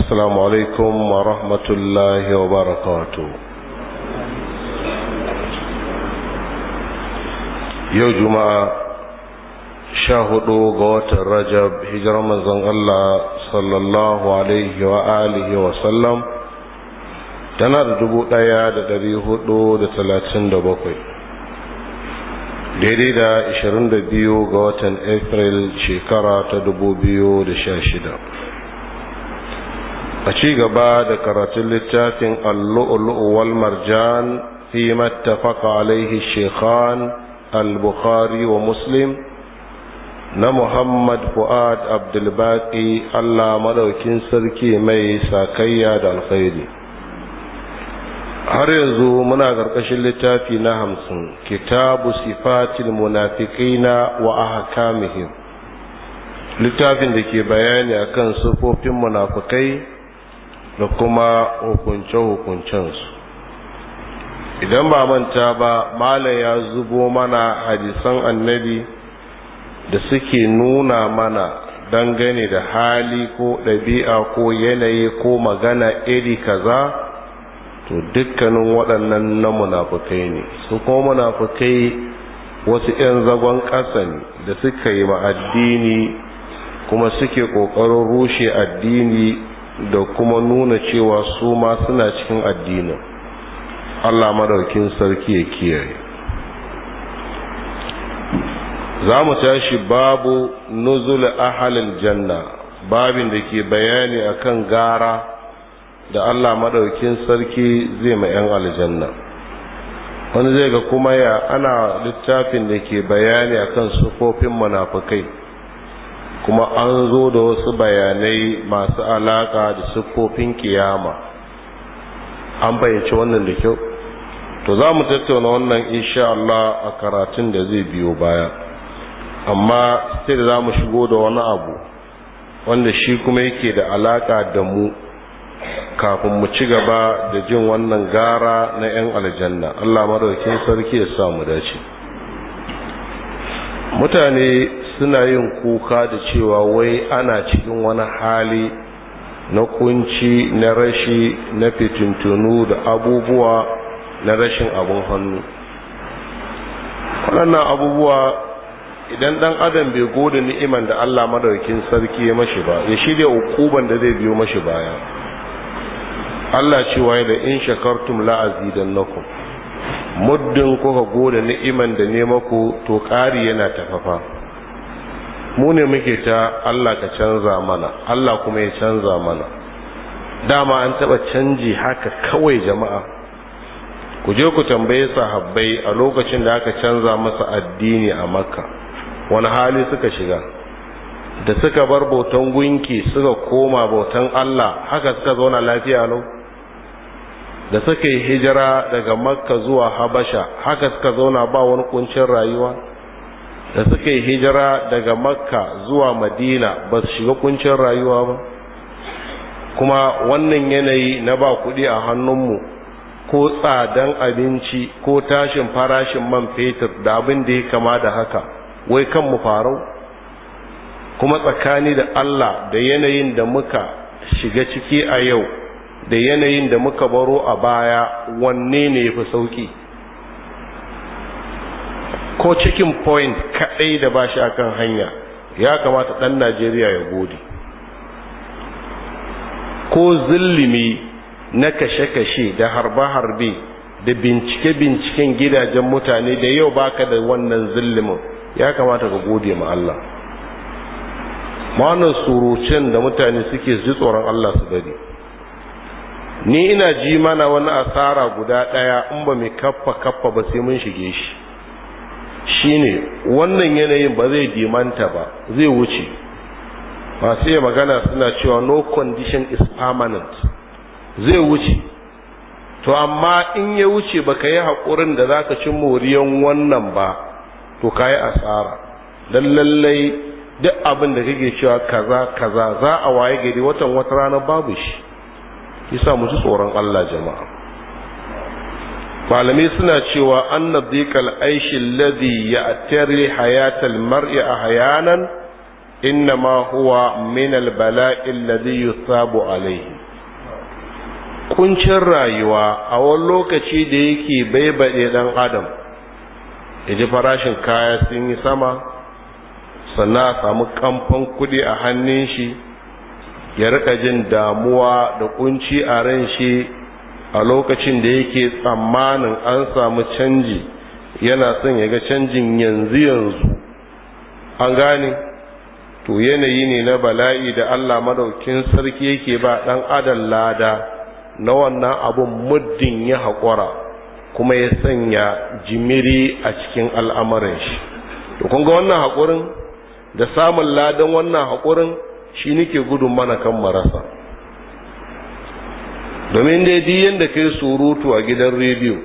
السلام عليكم ورحمة الله Yau Juma'a sha shahudu ga watan rajab hijirar manzon Allah sallallahu alaihi wa alihi wa sallam tana da dubu daya da dari hudu da talatin da bakwai daidai da ashirin da biyu ga watan Afril shekara ta dubu biyu da sha shida a ci gaba da karatun littafin allu'ulu'u wal marjan fi mattafaka alaihi shekhan al-bukhari wa muslim na muhammad fu'ad abdulbaki allah madaukin sarki mai sakayya da alkhairi har yanzu muna ƙarƙashin littafi na hamsin kitabu sifatil munafiqina wa ahkamihim littafin da ke bayani akan sufofin munafikai da kuma hukunce-hukuncensu idan ba manta ba malam ya zubo mana hadisan annabi da suke nuna mana dangane da hali ko ɗabi'a ko yanayi ko magana iri kaza to dukkanin waɗannan na munafukai ne su ko munafukai wasu 'yan zagon ƙasa ne da suka yi ma addini kuma suke ƙoƙarin rushe addini da kuma nuna cewa su ma suna cikin addinin Allah madaukin sarki ya kiyaye za mu tashi babu nuzul ahalin janna babin da ke bayani akan gara da Allah madaukin sarki zai ma 'yan aljanna wani zai ga kuma ya ana littafin da ke bayani akan sufofin munafukai kuma an zo da wasu bayanai masu alaka da siffofin kiyama an bayyace wannan da kyau to za mu tattauna wannan insha Allah a karatun da zai biyo baya amma sai da za mu shigo da wani abu wanda shi kuma yake da alaka da mu kafin mu ci gaba da jin wannan gara na 'yan aljanna Allah maraukin sarki ya sa mu dace mutane suna yin kuka da cewa wai ana cikin wani hali na kunci na rashi na fitintunu da abubuwa na rashin abun hannu waɗannan abubuwa idan ɗan adam bai gode ni'iman da allah madaukin sarki ya mashi ba ya shirya ukuban da zai biyo mashi baya allah cewa da in shakartum la'azi don nakum muddin kuka gode ni'iman da nemako to ƙari yana tafafa mu ne muke ta Allah ka canza mana Allah kuma ya canza mana dama an taba canji haka kawai jama'a ku je ku tambaye sahabbai a lokacin da aka canza masa addini a makka wani hali suka shiga da suka bar bautan gunki suka koma bautan Allah haka suka zauna lafiya lau da suka yi hijira daga makka zuwa habasha haka suka zauna ba wani kuncin rayuwa da suka yi hijira daga makka zuwa madina ba su shiga kuncin rayuwa ba kuma wannan yanayi na ba kuɗi a hannunmu ko tsadan abinci ko tashin farashin man fetur da abin da ya kama da haka wai kan mu farau kuma tsakani da allah da yanayin da muka shiga ciki a yau da yanayin da muka baro a baya wanne ne ya fi sauki ko cikin point kaɗai da ba shi akan hanya ya kamata ɗan najeriya ya gode ko zillimi na kashe-kashe da harbe-harbe da bincike-binciken gidajen mutane da yau baka da wannan zillimin ya kamata ka gode ma Allah ma'anar surucin da mutane suke ji tsoron Allah su bari ni ina ji mana wani asara guda ɗaya in ba mai kaffa kaffa ba sai mun shige shi shine wannan yanayin ba zai dimanta ba zai wuce masu yi magana suna cewa no condition is permanent zai wuce to amma in ya wuce baka yi haƙurin da za ka ci moriyan wannan ba to ka yi asara don lallai duk abin da kake cewa kaza kaza za a waye gari watan wata rana babu shi yi sa musu tsoron Allah jama'a malamai suna cewa anna aishin ladi ya ya'tari hayatal mar'i ahyanan innama huwa min albala'i alladhi yusabu alaihi kuncin rayuwa a wani lokaci da yake baibade dan adam yaji farashin kaya sun yi sama sannan a samu kamfan kudi a hannun shi ya rika jin damuwa da kunci a ran shi a lokacin da yake tsammanin an samu canji yana son ya ga canjin yanzu yanzu an gane to yanayi ne na bala'i da Allah madaukin sarki yake ba dan adan lada na wannan abun muddin ya haƙura kuma ya sanya jimiri a cikin al'amarin shi to kun ga wannan haƙurin da samun ladan wannan haƙurin shi nake gudun mana kan marasa domin dai duk yanda kai surutu a gidan rediyo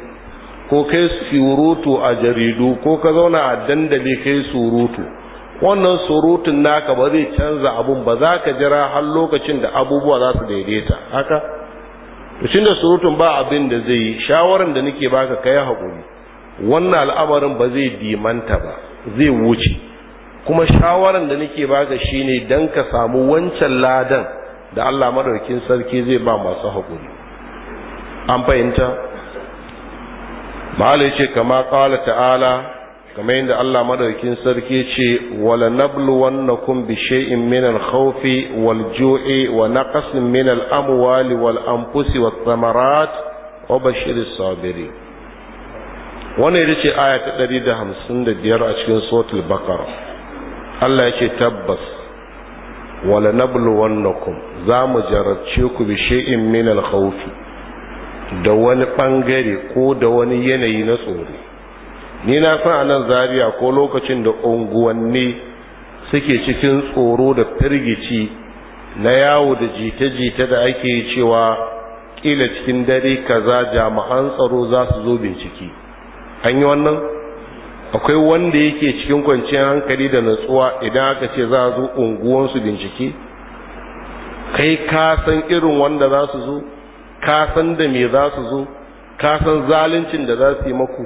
ko kai surutu a jaridu ko ka zauna a dandali kai surutu wannan surutun naka ba zai canza abun ba za ka jira har lokacin da abubuwa za su daidaita haka to da surutun ba abin da zai yi shawaran da nake baka kai hakuri wannan al'amarin ba zai dimanta ba zai wuce kuma shawaran da nake baka shine dan ka samu wancan ladan da Allah madaukin sarki zai ba masu hakuri. an fahimta mahalai ce kama kala ta'ala kama yadda Allah madaukin sarki ce wala nabluwannakum kun shay'in in al haufi wal ju'i wa naqsin min al-amwali wal amfusi wa thamarat wa bashiris sabiri Wani ya ce aya ta biyar a cikin suratul bakar, Allah ya ce tabbas wala kun za mu jarabce ku bishe in min haufi. da wani bangare ko da wani yanayi na tsoro ni na san a nan zaria ko lokacin da unguwanni suke cikin tsoro da firgici na yawo da jita-jita da ake cewa kila cikin dare kaza jami'an tsaro za su zo bincike an yi wannan akwai wanda yake cikin kwanciyar hankali da natsuwa idan aka ce za a zo unguwansu bincike kai ka san irin wanda za su zo ka san da me za su zo ka san zaluncin da za su yi maku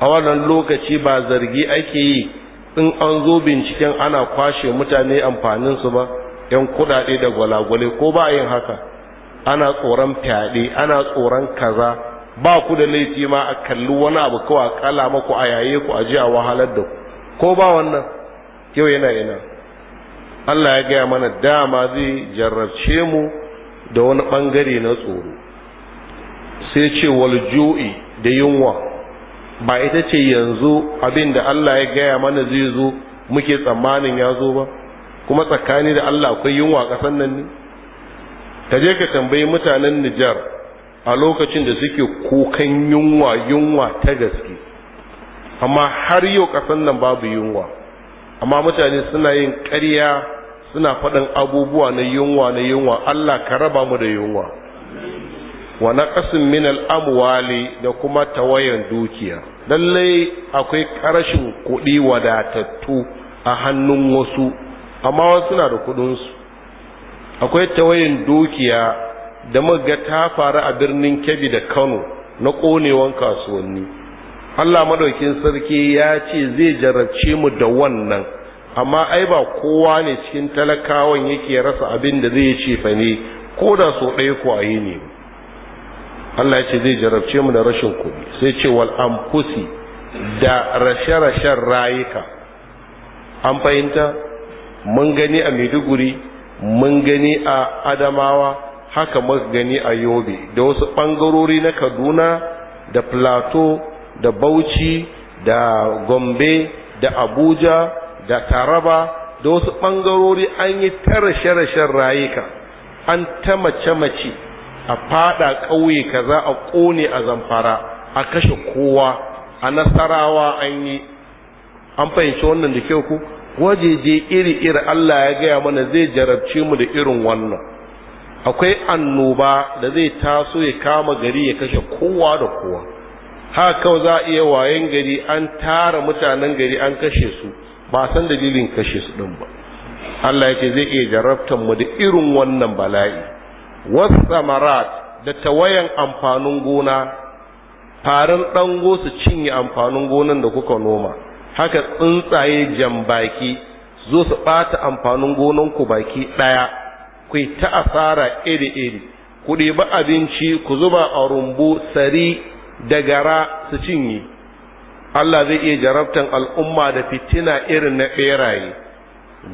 a wannan lokaci ba zargi ake yi in an zo binciken ana kwashe mutane amfaninsu ba yan kudade da gwalagwale ko ba yin haka ana tsoron fyaɗe ana tsoron kaza ba ku da laifi ma a kalli wani abu kawa a kala maku a yaye ku a ji a wahalar da ku ko ba wannan yau yana yana Allah ya gaya mana dama zai jarrabce mu da wani ɓangare na tsoro sai ce waljo'i da yunwa ba ita ce yanzu abin da Allah ya gaya mana zai zo muke tsammanin ya zo ba kuma tsakani da Allah akwai yunwa a ƙasan nan ne ka je ka tambayi mutanen Nijar a lokacin da suke kukan yunwa yunwa ta gaske amma har yau ƙasan nan babu yunwa amma mutane suna yin ƙarya suna faɗin abubuwa na yunwa na yunwa Allah ka raba mu da yunwa wa naqasin min al-amwali da kuma tawayan dukiya lallai akwai karashin kuɗi wadatattu a hannun wasu amma wasu suna da kuɗinsu akwai tawayan dukiya da muga ta faru a birnin Kebbi da Kano na konewan kasuwanni Allah madaukin sarki ya ce zai jarabce mu da wannan amma ai ba kowa ne cikin talakawan yake rasa abin da zai ce fa ne ko da so ɗaya ko a yi ne Allah ce zai jarabce mu da rashin kuɗi sai ce wal amfusi da rashe-rashen rayuka an fahimta mun gani a maiduguri mun gani a adamawa haka mun gani a yobe da wasu ɓangarori na kaduna da plateau da bauchi da gombe da abuja da taraba da wasu ɓangarori an yi ta rashe-rashen rayuka an ta mace-mace a fada ƙauye kaza a ƙone a zamfara a kashe kowa a nasarawa an yi an fahimci wannan da kyau ku wajeje iri-iri Allah ya gaya mana zai jarabci mu da irin wannan akwai annoba da zai taso ya kama gari ya kashe kowa da kowa haka za a iya wayan gari an tara mutanen gari an kashe su ba san dalilin kashe su din ba Allah yake zai iya jarabtar mu da irin wannan bala'i samarat da tawayan amfanin gona farin dango su cinye amfanin gonan da kuka noma haka tsuntsaye jambaki zo su bata amfanin gonan ku baki daya ku ta asara iri iri ku ɗebi abinci ku zuba a rumbu sari da gara su cinye Allah zai iya jarabtan al'umma da fitina irin na ɓeraye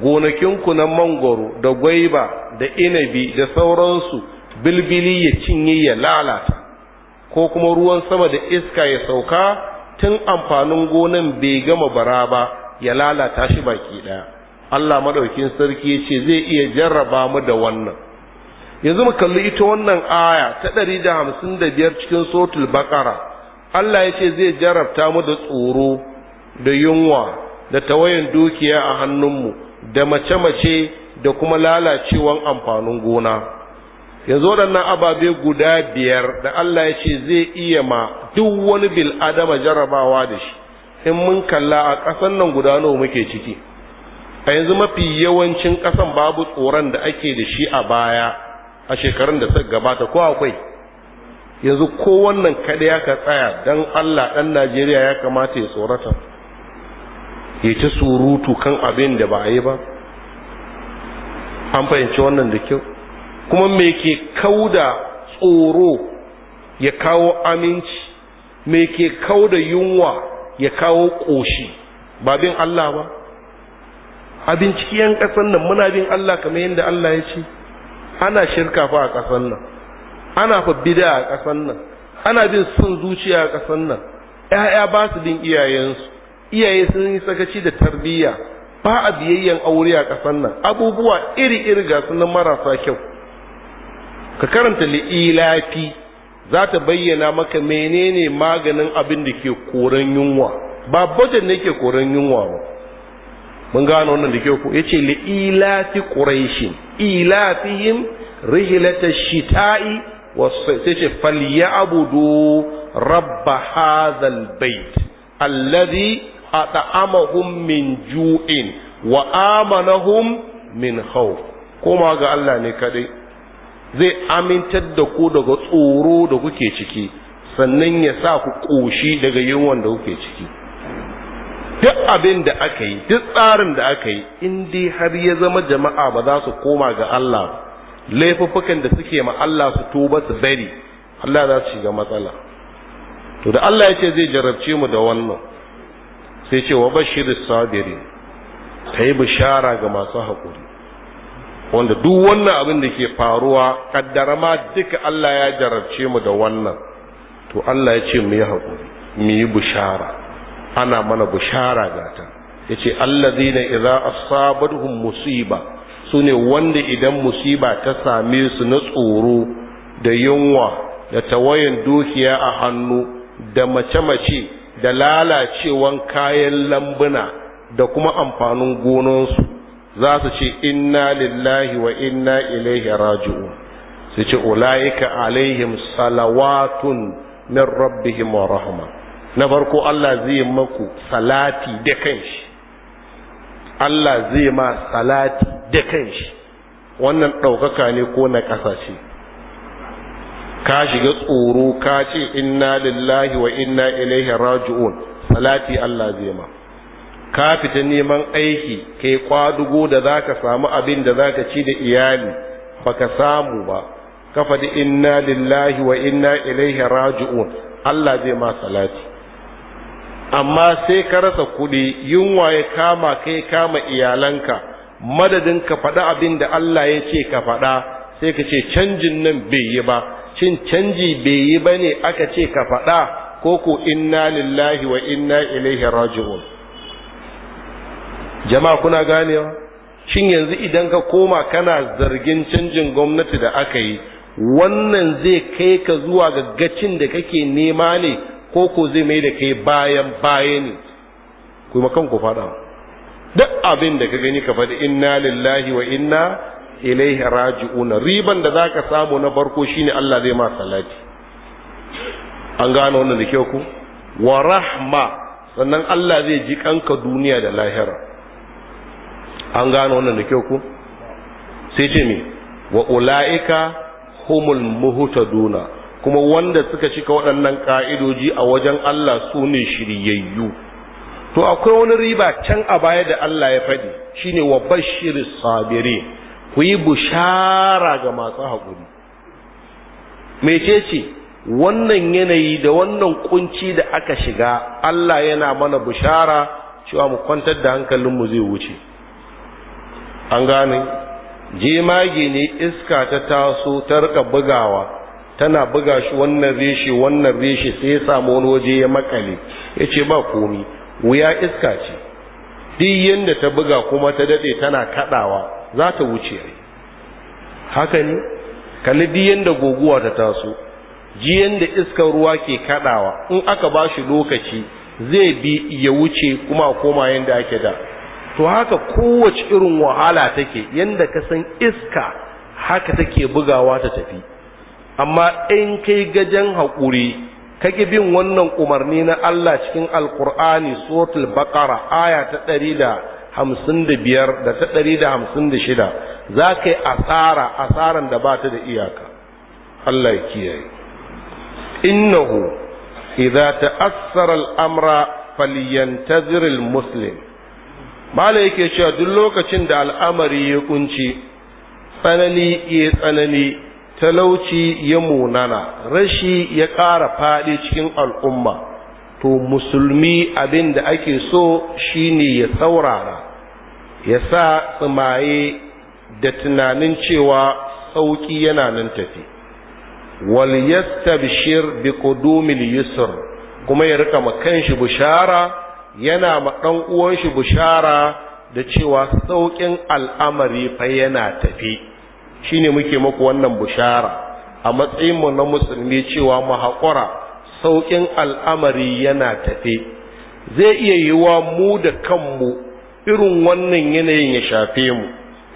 gonakinku na mangoro da gwaiba da inabi da sauransu bilbili ya cinye ya lalata ko kuma ruwan sama da iska ya sauka tun amfanin gonan bai gama bara ba ya lalata shi baki ɗaya Allah maɗaukin sarki ya ce zai iya jarraba mu da wannan yanzu mu kalli ita wannan aya ta ɗari da hamsin da biyar cikin sotul baƙara Allah ya ce zai jarabta mu da tsoro da yunwa da tawayan dukiya a hannunmu da mace-mace da kuma lalacewan amfanin gona yanzu waɗannan ababe guda biyar da Allah ya ce zai iya ma duk wani bil'adama jarabawa da shi in mun kalla a ƙasan nan guda nawa muke ciki a yanzu mafi yawancin ƙasan babu tsoron da ake da shi a baya a shekarun da suka gabata ko akwai yanzu ko wannan kada ya ka tsaya don allah ɗan najeriya ya kamata ya tsorata ya ci surutu kan abin da ba a yi ba an fahimci wannan da kyau kuma me ke kauda tsoro ya kawo aminci me ke kauda yunwa ya kawo ƙoshi ba bin allah ba a binciken ƙasar nan muna bin Allah kamar yadda Allah ya ce ana shirka fa a ƙasar nan ana fa bida a ƙasan nan ana bin son zuciya a ƙasan nan 'ya'ya ba su bin iyayensu iyaye sun yi sakaci da tarbiyya ba a biyayyen aure a ƙasan nan abubuwa iri-iri ga sunan marasa kyau ka karanta li'ilafi za ta bayyana maka menene maganin abin da ke koran yunwa ba bajan ne ke koran yunwa ba mun gano wannan da ke ko yace li'ilafi quraishin ilafihim rihlata shita'i sai ce abudu rabba hadhal bait alladhi at'amahum min ju'in wa amanahum min khawf kuma ga Allah ne kadai zai amintar da ku daga tsoro da kuke ciki sannan ya sa ku koshi daga yunwan da kuke ciki duk abin da aka yi duk tsarin da aka yi in dai har ya zama jama'a ba za su koma ga Allah ba laifuffukan da suke ma Allah su tuba su bari Allah za su shiga matsala to da Allah ya ce zai jarabce mu da wannan sai ce wa bashirin sabirin ta yi bishara ga masu haƙuri wanda duk wannan abin da ke faruwa kaddara ma duka Allah ya jarabce mu da wannan to Allah ya ce mu yi haƙuri mu yi bishara ana mana bishara gata ya ce allazina idza asabathum musiba su ne wanda idan musiba ta same su na tsoro da yunwa da tawayan dukiya a hannu da mace-mace da lalacewan kayan lambuna da kuma amfanin gonansu za su ce inna lillahi wa inna ilaihi raji'un su ce ula'ika alaihim salawatun min rabbihim wa rahma na farko Allah zai maku salati da kanshi Allah zai ma salati da kanshi wannan ɗaukaka ne ko na ƙasa ce ka shiga tsoro ka ce inna lillahi wa inna ilaihi raji'un salati Allah zai ma ka fita neman aiki kai kwadugo da zaka samu abin da zaka ci da iyali baka samu ba ka faɗi inna lillahi wa inna ilaihi raji'un Allah zai ma salati amma sai ka rasa kuɗi yunwa ya kama kai kama iyalanka madadin ka faɗa abin da Allah ya ce ka faɗa sai ka ce canjin nan bai yi ba cin canji bai yi ba ne aka ce ka faɗa ko ku, inna lillahi wa inna ilaihi raji'un jama'a kuna wa? shin yanzu idan ka koma kana zargin canjin gwamnati da aka yi wannan zai kai ka zuwa ga gacin da kake nema ne ko ko zai mai da kai bayan baye ne ku yi makan ku faɗa duk abin da ka gani ka faɗi inna lillahi wa inna ilaihi raji'un riban da zaka samu na farko shine Allah zai ma salati an gano wannan da kyau ku wa rahma sannan Allah zai ji kanka duniya da lahira an gano wannan da kyau ku sai ce me wa ula'ika humul muhtaduna kuma wanda suka cika waɗannan ƙa'idoji a wajen Allah su ne shiryayyu to akwai wani riba can a baya da Allah ya faɗi shine wa bashirin sabire ku yi bushara ga masu haƙuri ce, wannan yanayi da wannan kunci da aka shiga Allah yana mana bushara cewa mu kwantar da hankalinmu zai wuce an gane jemage ne iska ta taso ta rika bugawa tana buga shi wannan reshe wannan reshe sai ya samu wani waje ya makale ya ce ba komi wuya iska ce duk yadda ta buga kuma ta daɗe tana kaɗawa za ta wuce haka ne kalli duk yadda goguwa ta taso ji yadda iskar ruwa ke kaɗawa in aka ba shi lokaci zai bi ya wuce kuma koma yadda ake da to haka kowace irin wahala take yadda ka san iska haka take bugawa ta tafi amma in kai gajen haƙuri kake bin wannan umarni na Allah cikin alkur'ani suratul baqara aya ta ɗari da hamsin da biyar da ta ɗari da hamsin da shida za ka yi asara asaran da bata da iyaka Allah ya kiyaye innahu idza ta'assara al'amra falyantazir muslim mala yake cewa duk lokacin da al'amari ya kunci tsanani ya tsanani talauci ya munana rashi ya ƙara faɗi cikin al'umma to musulmi abin da ake so shine ya saurara ya sa tsimaye da tunanin cewa sauƙi yana nan tafi wal yastabshir bi qudumil yusr kuma ya rika makan shi bushara yana ma dan uwan shi bushara da cewa sauƙin al'amari fa yana tafi shine muke muku wannan bushara a matsayin mu na musulmi cewa mu haƙura sauƙin al'amari yana tafe zai iya yiwa mu da kanmu irin wannan yanayin ya shafe mu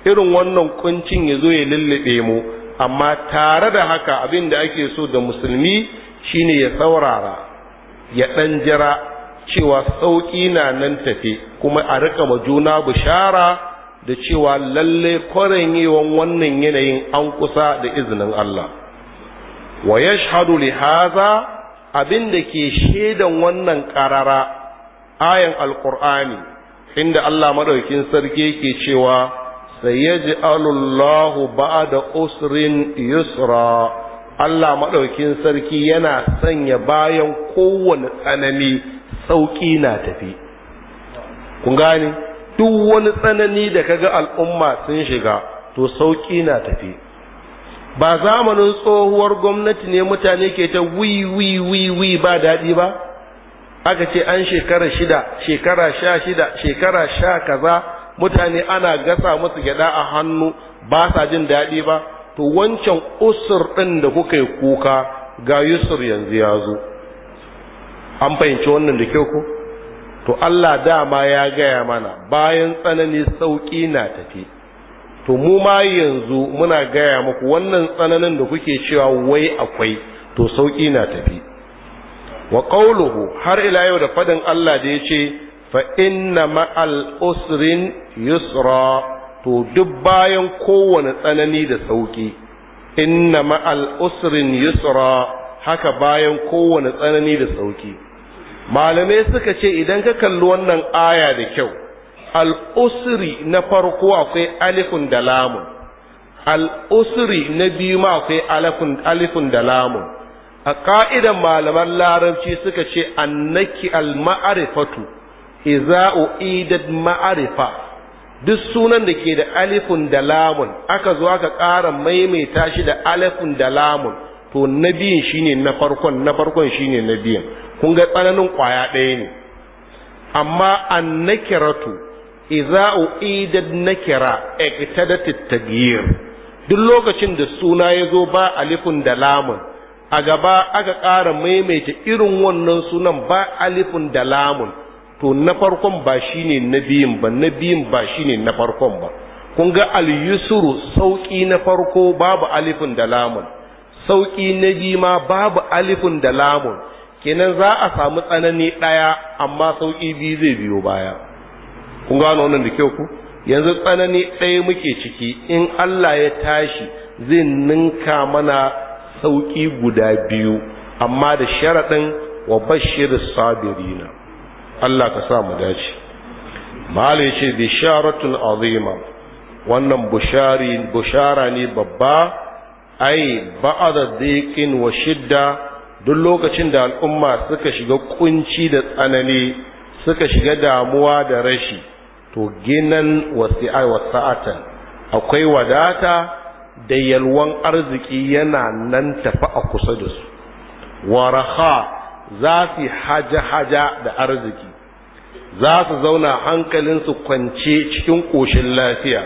irin wannan kuncin ya zo ya lullube mu amma tare da haka abin da ake so da musulmi shine ya saurara ya ɗan jira cewa sauƙi na nan tafe kuma a riƙa ma juna bishara da cewa lalle kwarin yiwan wannan yanayin an kusa da izinin Allah wa ya shahadu abin da ke shaidan wannan karara ayan alƙur'ani inda Allah maɗaukin sarki ke cewa sai ya ji ba ba'da usrin yusra Allah maɗaukin sarki yana sanya bayan kowane tsanani sauƙi na tafi kun gane duk wani tsanani da kaga al'umma sun shiga to sauki na tafi ba zamanin tsohuwar gwamnati ne mutane ke ta wi wi wi ba daɗi ba aka ce an shekara shida shekara sha shida shekara sha kaza mutane ana gasa musu gyada a hannu ba sa jin daɗi ba to wancan usur ɗin da kuka yi kuka ga yusur yanzu ya zo an fahimci wannan da kyau ko to Allah dama ya gaya mana bayan tsanani sauƙi na tafi to mu ma yanzu muna gaya muku wannan tsananin da kuke cewa wai akwai to sauƙi na tafi wa qawluhu har ila yau da fadin Allah da yace fa inna ma'al usrin yusra to duk bayan kowane tsanani da sauƙi inna ma'al usrin yusra haka bayan kowane tsanani da sauƙi malamai suka ce idan ka kalli wannan aya da kyau al'usri na farko akwai alifun da lamun al'usri na biyu ma akwai alifun da lamun a ka'idan malaman larabci suka ce annaki al-ma'arifatu iza u'idat ma'arifa duk sunan da ke da alifun da lamun aka zo aka ƙara maimaita shi da alifun da lamun to na biyun shine na farkon na farkon shine na biyun kun ga tsananin kwaya ɗaya ne amma an nakiratu idza uidat nakira iqtadat da tattagiyar. duk lokacin da suna ya zo ba alifin da lamun a gaba aka ƙara maimaita irin wannan sunan ba alifin da lamun to na farkon ba shine na biyun ba na biyun ba shine na farkon ba kun ga alyusuru sauƙi na farko babu alifin da lamun sauƙi na biyu ma babu alifin da lamun kenan za a samu tsanani ɗaya amma sauƙi biyu zai biyo baya kun gano wannan da kyau ku yanzu tsanani ɗaya muke ciki in Allah ya tashi zai ninka mana sauƙi guda biyu amma da sharaɗin wa bashir sabirina Allah ka sa mu dace malai ce bisharatun azima wannan bushari bushara ne babba ai ba'ada dhiqin wa shidda duk lokacin da al'umma suka shiga kunci da tsanani suka shiga damuwa da rashi to ginan wasi'a wasa'atan akwai wadata da yalwan arziki yana nan tafi a kusa da su waraha za su haja-haja da arziki za su zauna hankalinsu kwance cikin ƙoshin lafiya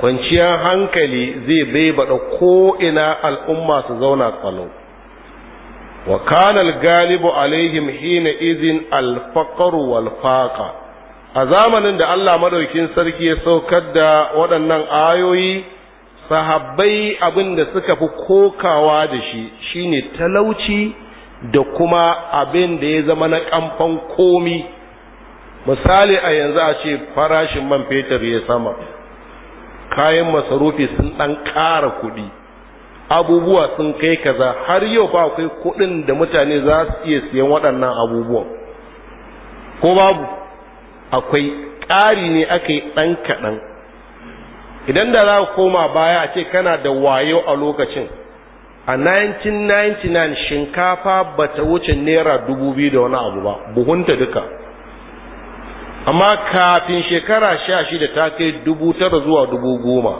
kwanciyar hankali zai bai baɗa ko'ina al'umma su zauna tsalo Wakanal kana al-galibu alaihim hina idhin al a zamanin da Allah madaukin sarki ya saukar da waɗannan ayoyi sahabbai abin da suka fi kokawa da shi shine talauci da kuma abin da ya zama na kamfan komi misali a yanzu a ce farashin man fetur ya sama kayan masarufi sun ɗan ƙara kuɗi abubuwa sun kai kaza har yau ba akwai kuɗin da mutane za su iya siyan waɗannan abubuwan ko babu akwai ƙari ne aka yi ɗan kaɗan idan da za ka koma baya a ce kana da wayo a lokacin a 1999 shinkafa ba ta wuce naira dubu biyu da wani abu ba buhunta duka amma kafin shekara sha shida ta kai dubu tara zuwa dubu goma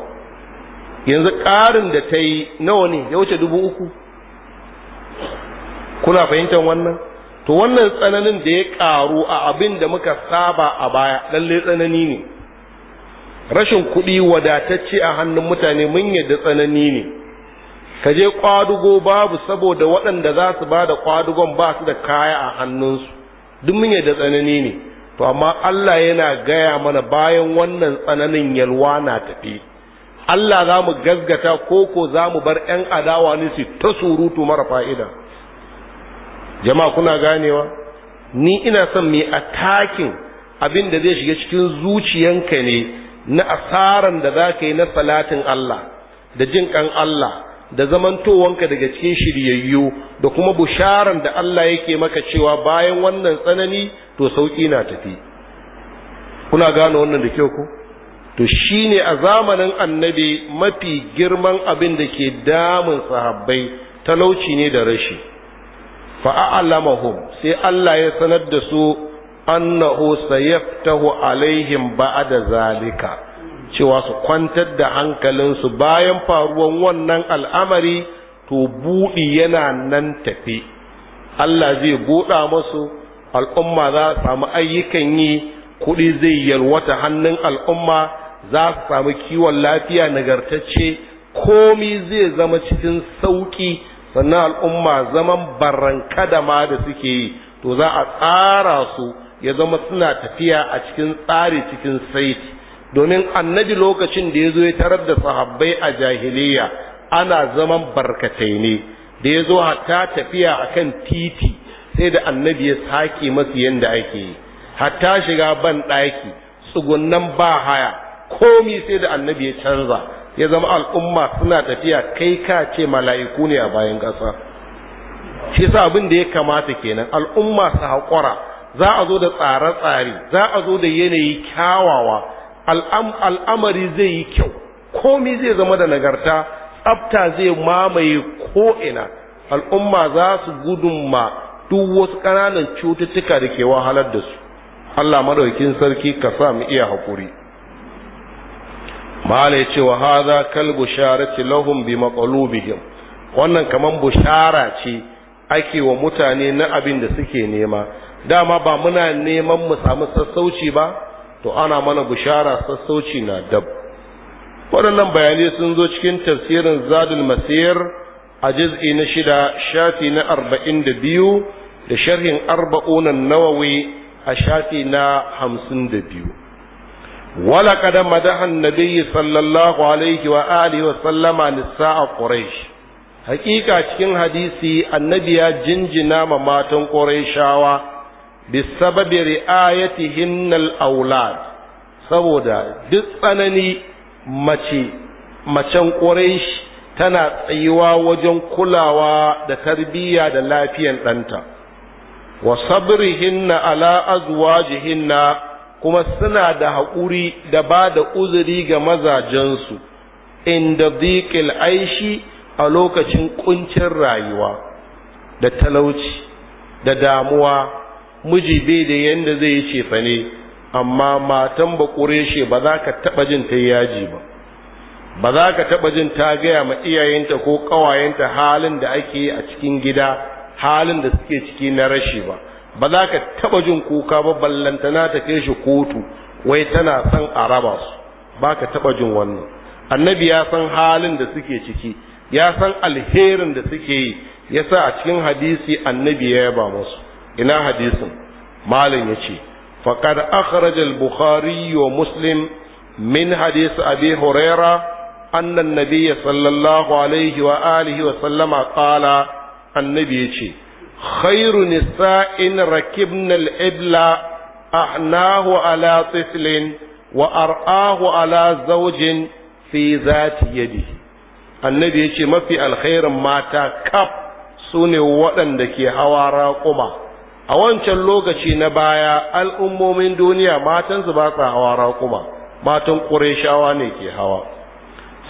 yanzu ƙarin da ta yi nawa ne ya wuce dubu uku kuna fahimtar wannan to wannan tsananin da ya ƙaru a abin da muka saba a baya lalle tsanani ne rashin kuɗi wadatacce a hannun mutane mun yadda tsanani ne ka je ƙwadugo babu saboda waɗanda za su ba da ƙwadugon ba su da kaya a hannunsu duk mun yadda tsanani ne to amma Allah yana gaya mana bayan wannan tsananin yalwa na tafi Allah za mu gazgata ko ko za mu bar 'yan adawa ne su ta surutu mara fa'ida jama'a kuna ganewa ni ina son mai atakin abin da zai shiga cikin zuciyanka ne na asaran da za ka yi na salatin Allah da jin ƙan Allah da zamantowanka daga cikin shiryayyu da kuma busharan da Allah yake maka cewa bayan wannan tsanani to sauƙi na tafi kuna gane wannan da kyau ko to shine a zamanin annabi mafi girman abin da ke damun sahabbai talauci ne da rashi fa'alamahum sai Allah ya sanar da su annahu sayaftahu alaihim ba'da zalika cewa su kwantar da hankalinsu bayan faruwan wannan al'amari to buɗi yana nan tafi Allah zai buɗa masu al'umma za samu ayyukan yi kuɗi zai yalwata hannun al'umma za su samu kiwon lafiya nagartacce komi zai zama cikin sauƙi sannan al'umma zaman barranka da ma da suke yi to za a tsara su ya zama suna tafiya a cikin tsari cikin saiti domin annabi lokacin da ya zo ya tarar da sahabbai a jahiliya ana zaman barkatai ne da ya zo hatta tafiya a kan titi sai da annabi ya sake masu yadda ake yi hatta shiga ban ɗaki tsugunnan ba haya komi sai da annabi ya canza ya zama al'umma suna tafiya kai ka ce mala'iku ne a bayan ƙasa shi sa abin da ya kamata kenan al'umma su haƙura za a zo da tsare-tsare za a zo da yanayi kyawawa al'amari zai yi kyau komi zai zama da nagarta tsafta zai mamaye ko'ina al'umma za su gudunma duk wasu ƙananan cututtuka da ke wahalar da su Allah maɗaukin sarki ka sa mu iya haƙuri mala yace wa hadha kal busharati lahum bi maqlubihim wannan kaman bushara ce ake wa mutane na abin da suke nema dama ba muna neman mu samu sassauci ba to ana mana bushara sassauci na dab waɗannan bayanai sun zo cikin tafsirin zadul masir a juz'i na shida shafi na arba'in da biyu da sharhin arba'unan nawawi a shafi na hamsin da biyu ولقد Sallallahu alaihi صلى الله wa Sallama, وسلم نساء قريش حقيقة cikin hadisi annabi ya jinjina ma matan Qurayshawa bisabab ri'ayatihin al-aulad saboda duk tsanani mace macen Quraysh tana tsayuwa wajen kulawa da tarbiyya da lafiyan ɗanta wa hinna ala hinna. kuma suna da haƙuri da ba da uzuri ga mazajensu inda zikil aishi a lokacin ƙuncin rayuwa da talauci da damuwa miji bai da yadda zai yi cefane amma matan ba shi ba za ka taɓa jin ta yaji ba ba za ka taɓa jin ta gaya ma iyayenta ko ƙawayenta halin da ake a cikin gida halin da suke ciki na rashi ba ba za ka taba jin kuka ba ballantana ta ke shi kotu wai tana son a raba su ba ka taba jin wannan annabi ya san halin da suke ciki ya san alherin da suke yi ya sa a cikin hadisi annabi ya yaba musu ina hadisin malam ya ce faƙad akhraj al-bukhari wa muslim min hadisi abi huraira anna an sallallahu alaihi wa alihi wa sallama qala annabi ya ce khairu nisa'in rakibna al-ibla anahu ala tiflin wa ar'ahu ala zawjin fi zati yadihi annabi yace mafi alherin mata kaf sune waɗanda ke hawa raƙuma a wancan lokaci na baya al'ummomin duniya matansu ba sa hawa raƙuma matan ƙureshawa ne ke hawa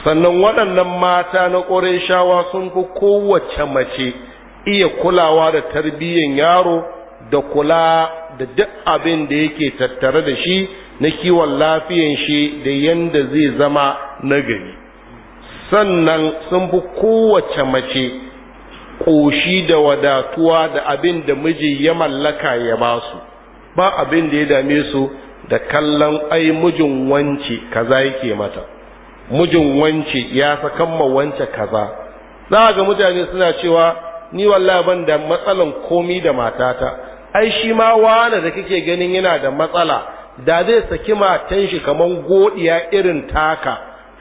sannan waɗannan mata na ƙuraishawa sun fi kowace mace iya kulawa da tarbiyyan yaro da kula da duk abin da yake tattare da shi na kiwon lafiyan shi da yanda zai zama nagari sannan sun fi kowace mace ƙoshi da wadatuwa da abin da miji ya mallaka ya ba su ba abin da ya dame su da kallon ai mijin wance kaza yake mata mijin wance ya sakan ma wance kaza za ga mutane suna cewa ni wallahi ban da matsalan komai da matata ai shi ma wani da kake ganin yana da matsala da zai saki matan shi kaman godiya irin taka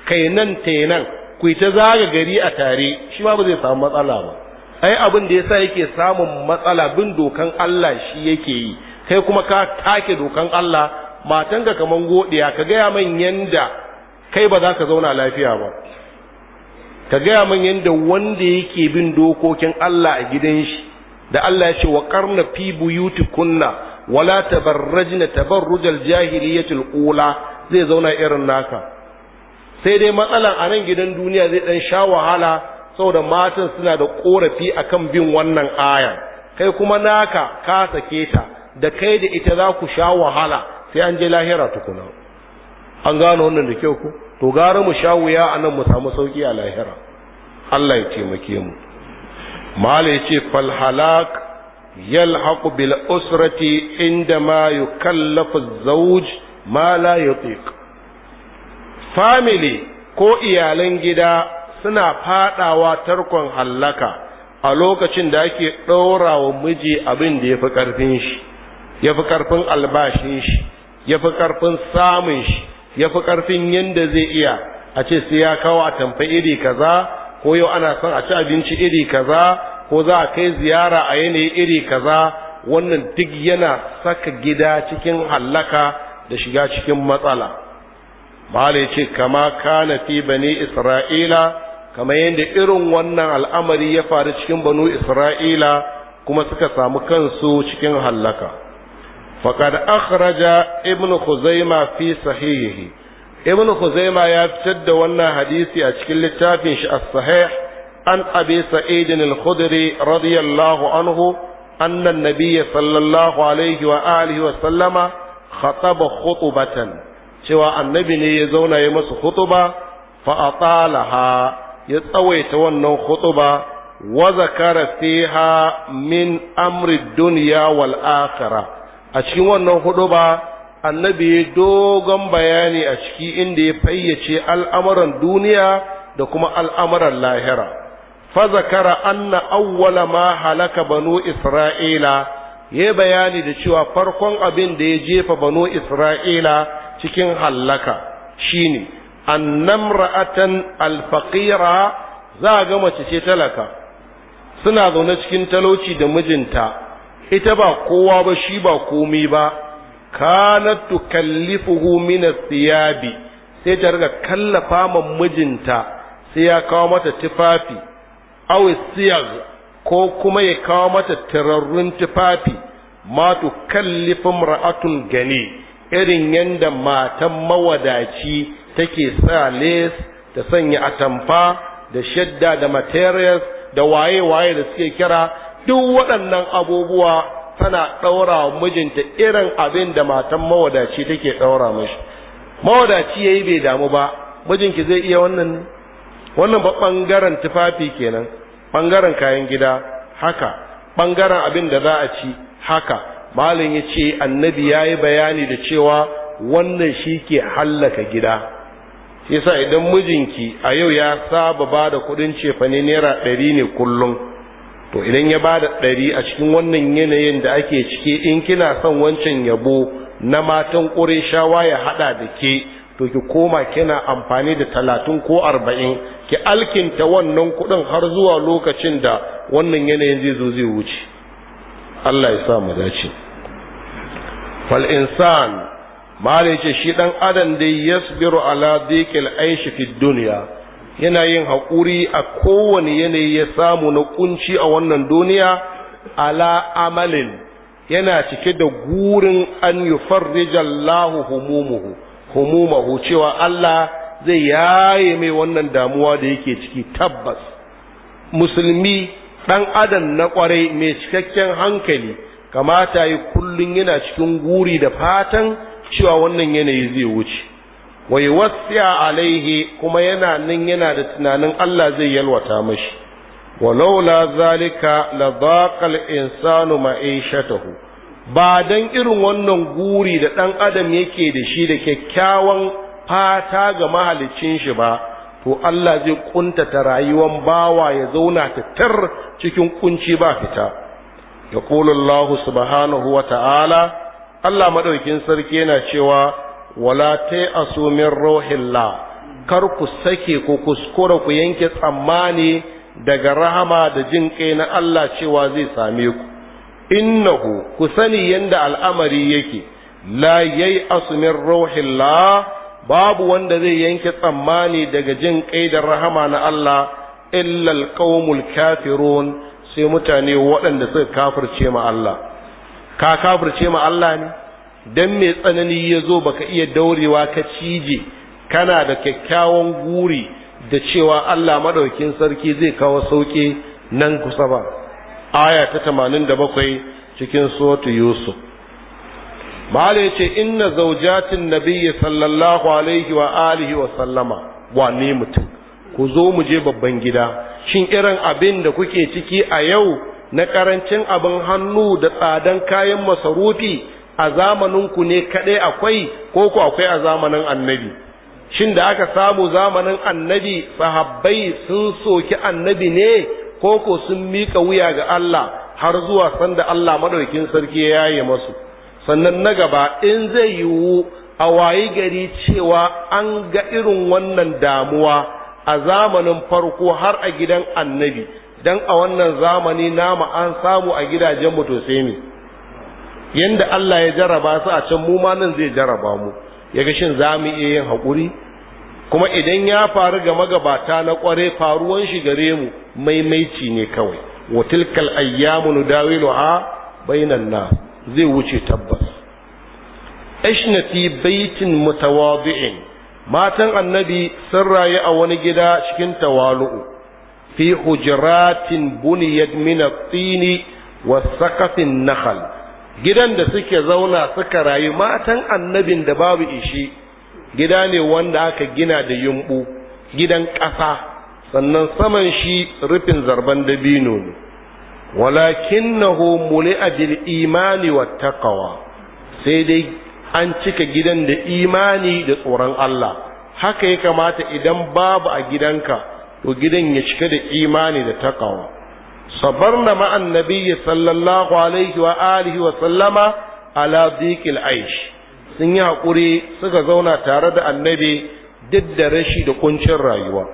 kai nan te nan ku ta zaga gari a tare shi ma ba zai samu matsala ba ai abin da yasa yake samun matsala bin dokan Allah shi yake yi kai kuma ka take dokan Allah matanka kaman godiya ka gaya man yanda kai ba za ka zauna lafiya ba ka gaya min yadda wanda yake bin dokokin Allah a gidan shi da Allah ya ce wa karna fi kunna wala tabarrajna tabarrujal jahiliyatil ula zai zauna irin naka sai dai matsalan a nan gidan duniya zai dan sha wahala saboda matan suna da korafi akan bin wannan aya kai kuma naka ka sake ta da kai da ita za ku sha wahala sai an je lahira tukuna an gano wannan da kyau ku to gara mu sha wuya a nan mu samu sauki a lahira Allah ya taimake mu mala ya ce fal halak yalhaqu bil usrati inda ma yukallafu zawj ma la yutiq family ko iyalan gida suna fadawa tarkon hallaka a lokacin da ake ɗora wa miji abin da ya fi ƙarfin shi ya fi ƙarfin albashin shi ya fi ƙarfin samun shi ya fi ƙarfin yadda zai iya a ce sai ya kawo a tamfa iri kaza ko yau ana son a ci abinci iri kaza ko za a kai ziyara a yanayi iri kaza wannan duk yana saka gida cikin hallaka da shiga cikin matsala mahala ya ce kama kana fi bani isra'ila kama yadda irin wannan al'amari ya faru cikin banu isra'ila kuma suka samu kansu cikin hallaka faqad akhraja ibn khuzaima fi sahihihi ibn khuzaima ya fitar da wannan hadisi a cikin littafin shi as-sahih an abi sa'id al-khudri radiyallahu anhu anna an-nabiyya sallallahu alaihi wa alihi wa sallama khataba khutbatan cewa annabi ne ya zauna ya masa khutuba fa atalaha ya tsawaita wannan khutuba wa zakara fiha min amri dunya wal akhirah a cikin wannan ba, annabi ya dogon bayani a ciki inda ya fayyace al'amuran duniya da kuma al'amuran lahira fazakara anna awwala ma halaka banu isra'ila ya bayani da cewa farkon abin da ya jefa banu isra'ila cikin hallaka shine annamra'atan alfaqira za a ga mace ce talaka suna zaune cikin talauci da mijinta ita ba kowa ba shi ba komai ba kanat tukallifuhu min athiyabi sai ta riga kallafa man mijinta sai ya kawo mata tufafi aw siyag ko kuma ya kawo mata tararrun tufafi ma tukallifu ra'atun gani irin yanda matan mawadaci take sa les ta sanya atamfa da shadda da materials da waye-waye da suke kira duk waɗannan abubuwa tana ɗaura mijinta irin abin da matan mawadaci take ɗaura mashi mawadaci yi bai damu ba mijinki zai iya wannan ne wannan ba ɓangaren tufafi kenan ɓangaren kayan gida haka ɓangaren abin da za a ci haka malin ya ce annabi ya yi bayani da cewa wannan shi ke hallaka gida yasa idan mijinki a yau ya saba ba da kuɗin cefane naira ɗari ne kullum to idan ya bada ɗari a cikin wannan yanayin da ake ciki in kina son wancan yabo na matan ƙure shawa ya haɗa da ke to ki koma kina amfani da talatin ko arba'in ki alkinta wannan kuɗin har zuwa lokacin da wannan yanayin zai zo zai wuce Allah ya sa mu dace fal insan mare ce shi dan adam dai yasbiru ala dhikil aishi fid dunya yana yin haƙuri a kowane yanayi ya samu na kunci a wannan duniya ala amalin yana cike da gurin an yi farrijallahu humumuhu humumahu cewa Allah zai yaye mai wannan damuwa da yake ciki tabbas musulmi ɗan adam na ƙwarai mai cikakken hankali kamata yi kullum yana cikin guri da fatan cewa wannan yanayi zai wuce wa wasiya alaihi kuma yana nan yana da tunanin Allah zai yalwata mashi walaula zalika la baqal insanu ma'ishatahu ba dan irin wannan guri da dan adam yake da shi da kyakkyawan fata ga mahalicin shi ba to Allah zai kuntata rayuwar bawa ya zauna tattar cikin kunci ba fita yaqulu Allah subhanahu wa ta'ala Allah madaukin sarki yana cewa wala ta asumin min ruhillah kar ku sake ku kuskura ku yanke tsammani daga rahama da jin kai na Allah cewa zai same ku innahu ku sani yanda al'amari yake la asumin min ruhillah babu wanda zai yanke tsammani daga jin kai da rahama na Allah illa alqaumul kafirun sai mutane waɗanda suka kafirce ma Allah ka kafirce ma Allah ne dan mai tsanani ya zo baka iya daurewa ka cije kana da kyakkyawan guri da cewa Allah Maɗaukin sarki zai kawo sauke nan kusa ba aya ta 87 cikin suratu yusuf Mahala ya ce inna zaujatin nabiyyi sallallahu alaihi wa alihi wa sallama wa ni mutum ku zo mu je babban gida shin irin abin da kuke ciki a yau na karancin abin hannu da tsadan kayan masarufi a zamaninku ne kaɗai akwai ko ku akwai a zamanin annabi shin da aka samu zamanin annabi sahabbai sun soki annabi ne ko ko sun mika wuya ga Allah har zuwa sanda Allah madaukin sarki ya yaye masu sannan na gaba in zai yiwu a wayi gari cewa an ga irin wannan damuwa a zamanin farko har a gidan annabi dan a wannan zamani nama an samu a gidajen mu to sai yanda Allah ya jarraba su a can mu ma nan zai jarraba mu yaga shin za mu iya yin haƙuri kuma idan ya faru ga magabata na ƙware faruwan shi gare mu maimaici ne kawai wa tilkal ayyamu nudawilu ha bainan na zai wuce tabbas ashna fi baitin mutawadi'in matan annabi sun rayu a wani gida cikin tawalu'u fi hujratin buniyat min at-tini wa saqafin nakhal gidan da suke zauna suka rayu matan annabin da babu ishi gida ne wanda aka gina da yumbu gidan ƙasa sannan saman shi rufin zarban dabino ne walakinnahu muli'a bil imani wat taqwa sai dai an cika gidan da imani da tsoron Allah haka ya kamata idan babu a gidanka to gidan ya cika da imani da taqwa sabarna ma'an nabiyyi sallallahu alaihi wa alihi wa sallama ala dhiqil sun yi haƙuri suka zauna tare da annabi duk da rashi da kuncin rayuwa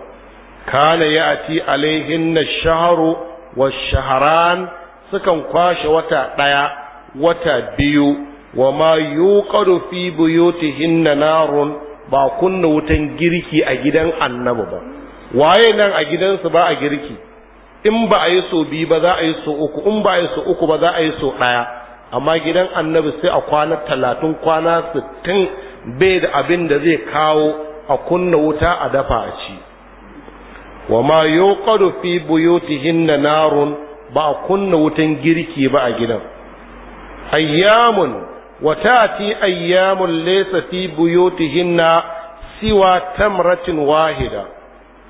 kana ya'ti alaihin na shahru wa shahran sukan kwashe wata ɗaya, wata biyu wa ma yuqadu fi buyutihinna narun ba kunna wutan girki a gidan annabi ba waye nan a gidansu ba a girki in ba a yi so biyu ba za a yi so uku in ba a yi so uku ba za a yi so ɗaya amma gidan annabi sai a kwana talatin kwana sittin bai da abin da zai kawo a kunna wuta a dafa a ci wa ma yuqadu fi na narun ba a kunna wutan girki ba a gidan ayyamun wa ayyamun laysa fi hinna siwa tamratin wahida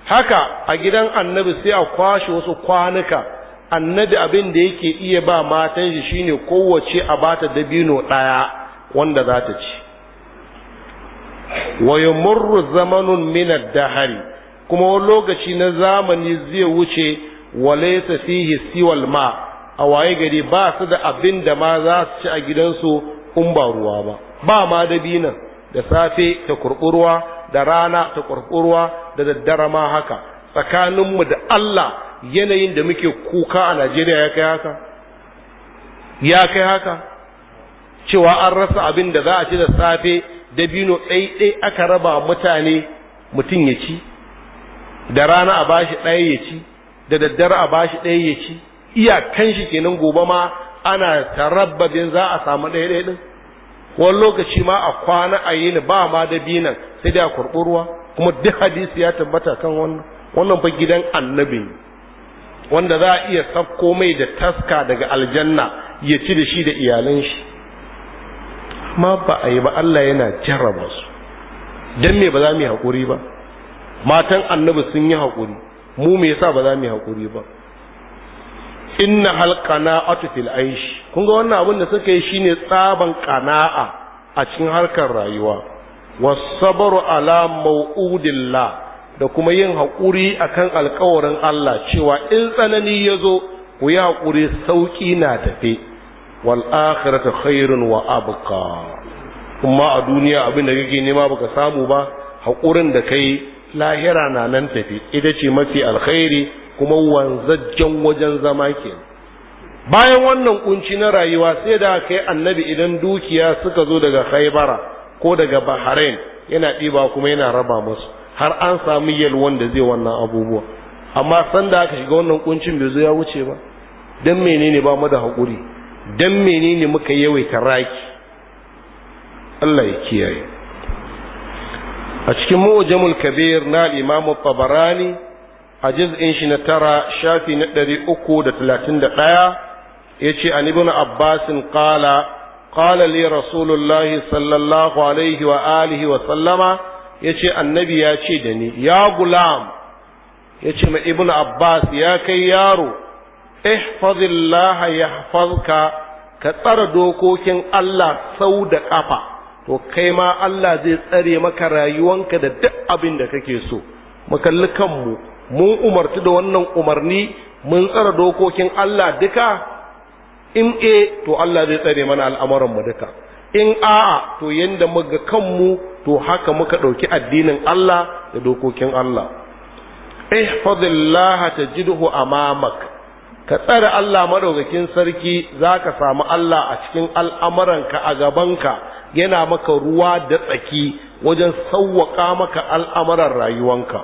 haka a gidan annabi sai a kwashe wasu kwanuka annabi abin da yake iya ba matan shi shine kowace a bata dabino ɗaya wanda za ta ci wa yamurru zamanun min ad-dahri kuma wani lokaci na zamani zai wuce wa laysa fihi siwal ma a waye gari ba su da abin da ma za su ci a gidansu in ba ruwa ba ba ma dabinan da safe ta kurkurwa da rana ta kurkurwa da daddare ma haka tsakaninmu da Allah yanayin da muke kuka a Najeriya ya kai haka ya kai haka cewa an rasa abin da za a ci da safe dabino ɗaiɗai aka raba mutane mutum ya ci da rana a bashi ɗaya ya ci da daddare a bashi ɗaya ya ci iyakan shi kenan gobe ma ana tarabbabin za a samu ɗaya ɗin wani lokaci ma a kwana a yi ba ma da binan sai da kurɓi ruwa kuma duk hadisi ya tabbata kan wannan wannan fa gidan annabi wanda za a iya sakko mai da taska daga aljanna ya ci da shi da iyalan shi amma ba a yi ba Allah yana jarraba su dan me ba za mu yi hakuri ba matan annabi sun yi hakuri mu me yasa ba za mu yi hakuri ba inna qana'atu fil aish kun ga wannan abin da suka yi shine tsaban qana'a a cikin harkar rayuwa wasabaru ala mau'udillah da kuma yin haƙuri akan alƙawarin Allah cewa in tsanani ya zo ku yi haƙuri sauƙi na tafe wal akhiratu khairun wa abqa kuma a duniya abin da kake nema baka samu ba haƙurin da kai lahira na nan tafi ita ce mafi alkhairi kuma wanzajjen wajen zama ke. bayan wannan kunci na rayuwa sai da kai annabi idan dukiya suka zo daga khaybara ko daga bahrain yana ɗiba kuma yana raba musu har an samu yalwan da zai wannan abubuwa amma sanda aka shiga wannan kuncin bai zo ya wuce ba dan menene ba mu da hakuri dan menene muka yawaita raki Allah ya kiyaye a cikin mu'jamul kabir na al-imam tabarani a juz'in shi na tara shafi na 331 yace an ibn abbas qala qala li rasulullahi sallallahu alaihi wa wa sallama yace annabi ya ce da ni ya gulam yace ma ibn abbas ya kai yaro ihfazillaha yahfazka ka tsara dokokin Allah sau da ƙafa. to kai ma Allah zai tsare maka rayuwanka da duk abin da kake so mu kalli kanmu mun umarci da wannan umarni mun tsara dokokin Allah duka in e to Allah zai tsare mana al'amuran mu duka in a'a to yanda muga kanmu to haka muka ɗauki addinin Allah da dokokin Allah ihfazillaha tajiduhu amamak ka tsare Allah madaukakin sarki zaka samu Allah a cikin al'amuranka a gabanka yana maka ruwa da tsaki wajen sauwaka maka al'amuran rayuwanka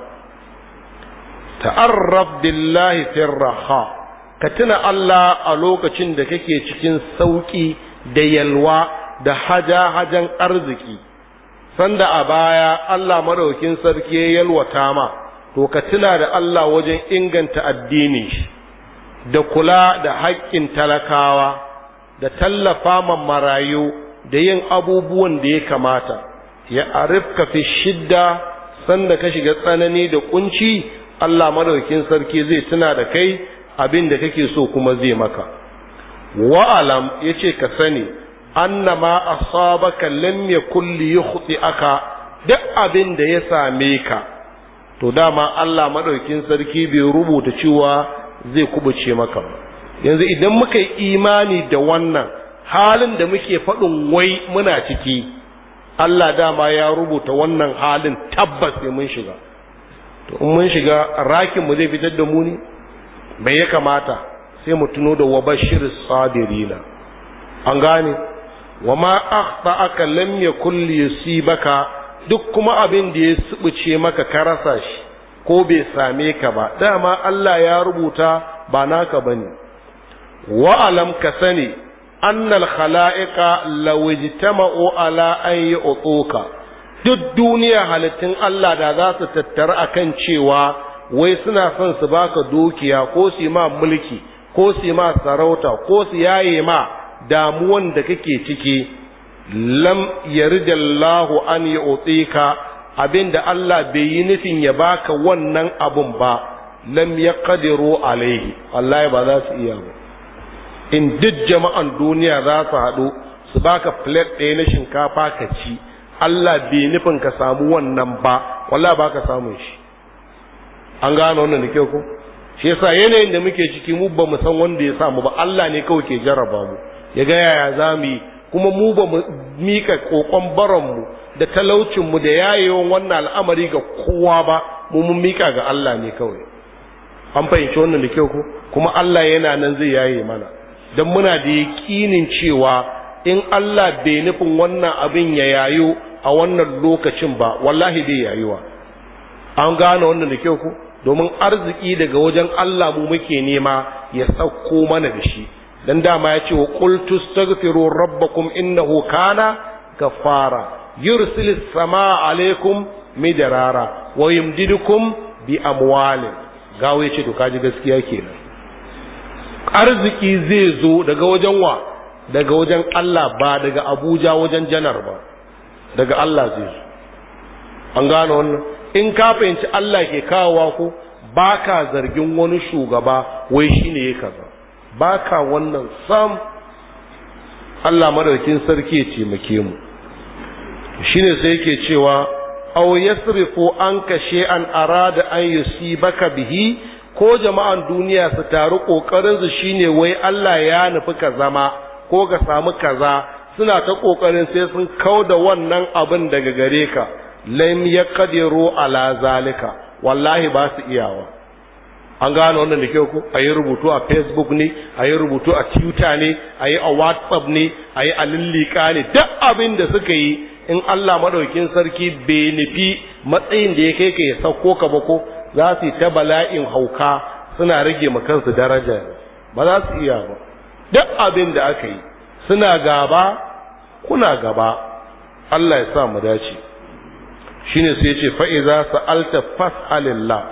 ta'arraf billahi firraha ka tuna Allah a lokacin da kake cikin sauƙi da yalwa da haja-hajan arziki sanda a baya Allah madaukin sarki ya yalwata ma to ka tuna da Allah wajen inganta addini shi da kula da haƙƙin talakawa da tallafa man marayu da yin abubuwan da ya kamata ya arifka fi shidda sanda ka shiga tsanani da ƙunci Allah madaukin sarki zai tuna da kai abin da kake so kuma zai maka wa'alam ya ce ka sani annama asabaka lam yakul li aka duk abin da ya same ka to dama Allah madaukin sarki bai rubuta cewa zai kubuce maka yanzu idan muka yi imani da wannan halin da muke faɗin wai muna ciki Allah dama ya rubuta wannan halin tabbas mun shiga to mun shiga rakin mu zai fitar da mu ne Mai ya kamata sai mu tuno da wa bashir sabirina an gane wa ma akhta aka lam yakul yusibaka duk kuma abin da ya subuce maka ka rasa shi ko bai same ka ba dama Allah ya rubuta ba naka bane wa alam ka sani annal khala'iqa law ijtama'u ala an yu'tuka duk duniya halittun Allah da za su tattara akan cewa wai suna son su baka dukiya ko su ma mulki ko su ma sarauta ko su yaye ma damuwan da kake ciki lam yaridallahu an yu'tika abinda Allah bai yi nufin ya baka wannan abun ba lam yaqdiru alaihi wallahi ba za su iya ba in duk jama'an duniya za su haɗu su baka plate ɗaya na shinkafa ka ci Allah bai nufin ka samu wannan ba wallahi baka samun shi an gane wannan da kyau ko shi yasa yanayin da muke ciki mu ba mu san wanda ya samu ba Allah ne kawai ke jarraba mu ya ga yaya za mu yi kuma mu ba mu mika kokon mu da talaucin mu da yayewan wannan al'amari ga kowa ba mu mun mika ga Allah ne kawai an fahimci wannan da kyau ko kuma Allah yana nan zai yaye mana dan muna da yaƙinin cewa in Allah bai nufin wannan abin ya yayo a wannan lokacin ba wallahi bai yayuwa an gane wannan da kyau ko domin arziki daga wajen Allah mu muke nema ya sauko mana da shi dan dama ya ce wa qul tastaghfiru rabbakum innahu kana ghaffara yursilu samaa alaikum midarara wa yumdidukum bi amwalin gawo yace ce to kaji gaskiya kenan arziki zai zo daga wajen wa daga wajen Allah ba daga Abuja wajen janar ba daga Allah zai zo an gano wannan in ka fahimci Allah ke kawowa ko ba ka zargin wani shugaba wai shi ne ya kaza ba ka wannan sam Allah madarkin sarki ya taimake mu shi ne sai yake cewa aw yasrifu anka shay'an arada an yusibaka bihi ko jama'an duniya su taru kokarin su shine wai Allah ya nufi ka zama ko ka samu kaza suna ta kokarin sai sun kauda wannan abin daga gare ka lam yaqdiru ala zalika wallahi ba su iyawa an gano wannan da ke ku a yi rubutu a facebook ne a yi rubutu a twitter ne a yi a whatsapp ne a yi a lillika ne duk abin da suka yi in allah maɗaukin sarki bai matsayin da ya kai ka ya sauko ka ba ko za su yi ta bala'in hauka suna rage ma kansu daraja ba za su iya ba duk abin da aka yi suna gaba kuna gaba allah ya sa mu dace shine sai yace fa iza sa'alta fas'alillah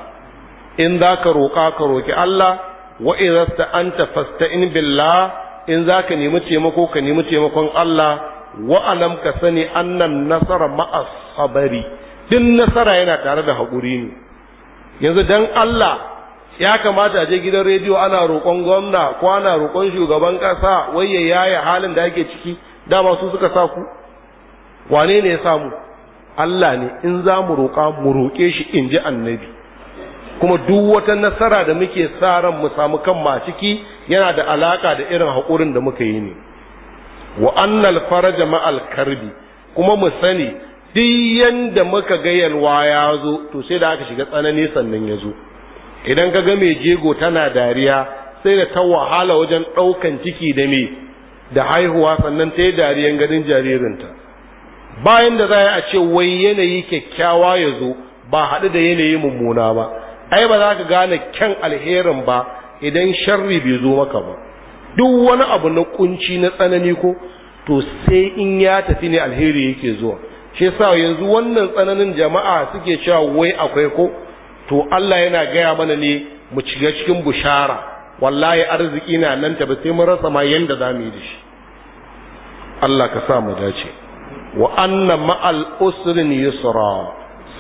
in za ka roƙa ka roki Allah wa iza sta'anta fasta'in billah in za ka nemi taimako ka nemi taimakon Allah wa alam ka sani annan nasara ma'as sabari din nasara yana tare da haƙuri ne yanzu dan Allah ya kamata a je gidan rediyo ana roƙon gwamna ko ana roƙon shugaban ƙasa wai ya yaya halin da ake ciki dama su suka sa ku wane ne ya samu Allah ne in za mu roƙa mu roƙe shi in ji annabi kuma duk wata nasara da muke sa ran mu samu kan ma ciki yana da alaka da irin haƙurin da muka yi ne wa annal faraja ma'al karbi kuma mu sani duk yanda muka ga yalwa ya zo to sai da aka shiga tsanani sannan ya zo idan ka ga mai jego tana dariya sai da ta wahala wajen ɗaukan ciki da me da haihuwa sannan ta yi dariyan gadin jaririnta bayan da za a ce wai yanayi kyakkyawa ya zo ba haɗu da yanayi mummuna ba ai ba za ka gane kyan alherin ba idan sharri bai zo maka ba duk wani abu na kunci na tsanani ko to sai in ya tafi ne alheri yake zuwa shi sa yanzu wannan tsananin jama'a suke cewa wai akwai ko to Allah yana gaya mana ne mu shiga cikin bushara wallahi arziki na nan ta ba sai mun rasa ma yanda zamu yi da shi Allah ka sa mu dace wa anna ma'al usrin yusra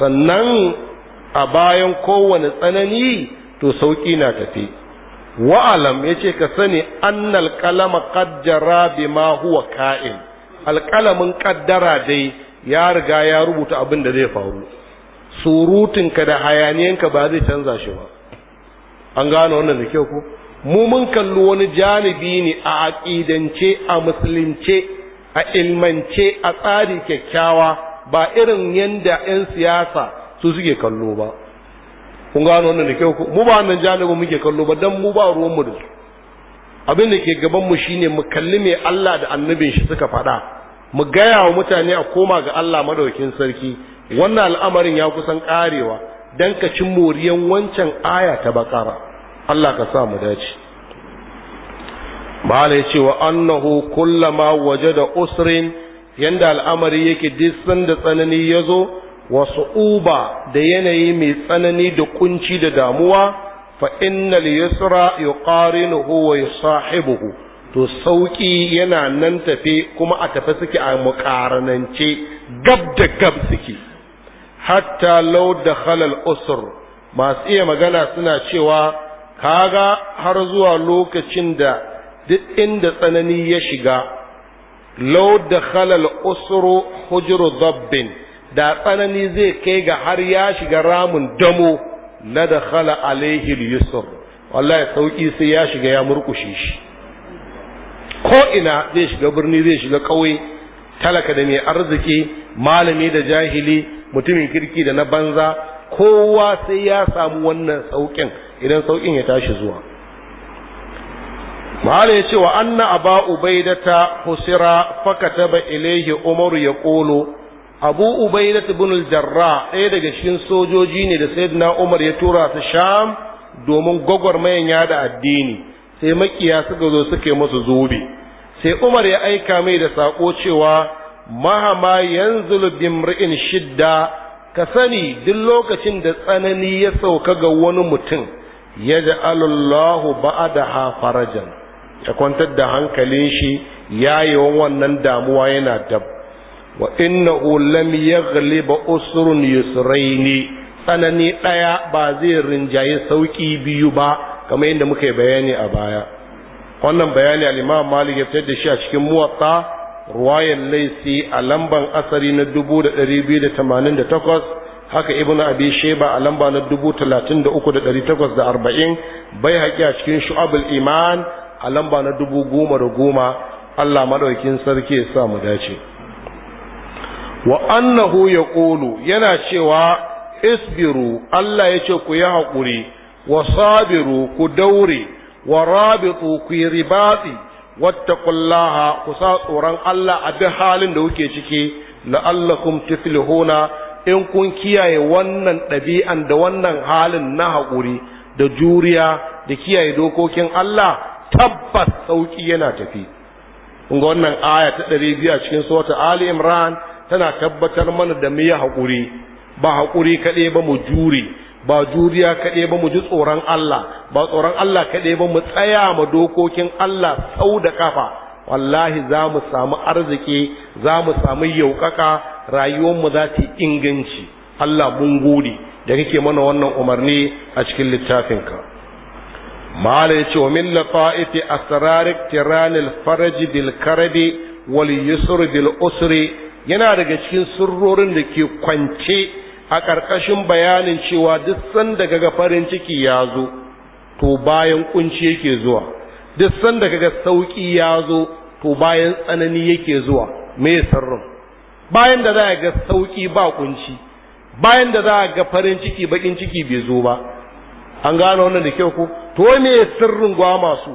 sannan a bayan kowane tsanani to sauki na tafi wa'alam yace ka sani annal qalama qaddara bima huwa ka'in alqalamin qaddara dai ya riga ya rubuta abin da zai faru surutinka da hayaniyanka ba zai canza shi ba an gano wannan da kyau ko mu mun kalli wani janibi ne a aƙidance a musulunce a ilmance a tsari kyakkyawa ba irin yadda 'yan siyasa su suke kallo ba kun gano wannan da kyau mu ba muke kallo ba dan mu ba ruwan mu da su abin da ke gaban mu shine mu kalli mai Allah da annabin shi suka faɗa mu gaya wa mutane a koma ga Allah madaukin sarki wannan al'amarin ya kusan karewa dan ka cin moriyan wancan aya ta bakara Allah ka sa mu dace malai cewa annahu kullama wajada usrin yanda al'amari yake duk da tsanani ya zo wasu uba da yanayi mai tsanani da kunci da damuwa fa innal yusra yuqarinuhu wa yusahibuhu to sauki yana nan tafe kuma a tafe suke a muƙaranance gab da gab suke hatta law dakhala al-usr masu iya magana suna cewa kaga har zuwa lokacin da duk inda tsanani ya shiga law dakhala al-usru hujru dabbin da tsanani zai kai ga har ya shiga ramun damo la dakhala alaihi al-yusr wallahi sauki sai ya shiga ya murkushe shi ko ina zai shiga birni zai shiga ƙauye talaka da mai arziki malami da jahili mutumin kirki da na banza kowa sai ya samu wannan sauƙin idan sauƙin ya tashi zuwa mahala ya ce wa anna aba ubaidata husira fakataba ilaihi Umaru ya kolo abu ubaidat ibn jarra ɗaya daga cikin sojoji ne da sayyidina umar ya tura su sham domin gwagwarmayan da addini sai makiya suka zo suke masu musu zobe sai umar ya aika mai da sako cewa mahama yanzulu bimri'in shidda ka sani duk lokacin da tsanani ya sauka ga wani mutum ya ba'a ba'adaha farajan ya kwantar da hankalin shi ya wa wannan damuwa yana dab wa innahu lam yaghliba usrun yusraini tsanani daya ba zai rinjaye sauki biyu ba kamar yadda muka yi bayani a baya wannan bayani al-imam malik ya fitar da shi a cikin muwatta ruwayan laisi a lamban asari na 2288 haka ibnu abi sheba a lamba na 33840 bai haƙi a cikin shu'abul iman a lamba na dubu goma da goma Allah maɗaukin sarki ya sa mu dace wa annahu ƙolo yana cewa isbiru Allah ya ce ku yi hakuri wa sabiru ku daure wa rabitu ku yi wata kullaha ku sa tsoron Allah a duk halin da kuke ciki na la'allakum tuflihuna in kun kiyaye wannan ɗabi'an da wannan halin na haƙuri da juriya da kiyaye dokokin Allah tabbas sauki yana tafi kun wannan aya ta ɗari biya cikin surata ali imran tana tabbatar mana da mu yi haƙuri ba haƙuri kaɗai ba mu jure ba juriya kaɗai ba mu ji tsoron Allah ba tsoron Allah kaɗai ba mu tsaya ma dokokin Allah sau da kafa wallahi za mu samu arziki za mu samu yaukaka rayuwarmu za ta inganci Allah mun gode da kake mana wannan umarni a cikin littafinka mala ce wa min lata'ifi asrar iktiranil Faraji bil karabi wal yusr bil usri yana daga cikin sirrorin da ke kwance a ƙarƙashin bayanin cewa duk san daga kaga farin ciki ya zo to bayan kunci yake zuwa duk san daga ga sauki ya zo to bayan tsanani yake zuwa me sirrin bayan da za ga sauki ba kunci bayan da za ga farin ciki bakin ciki bai zo ba an gano wannan da kyau ko to me sirrin gwa su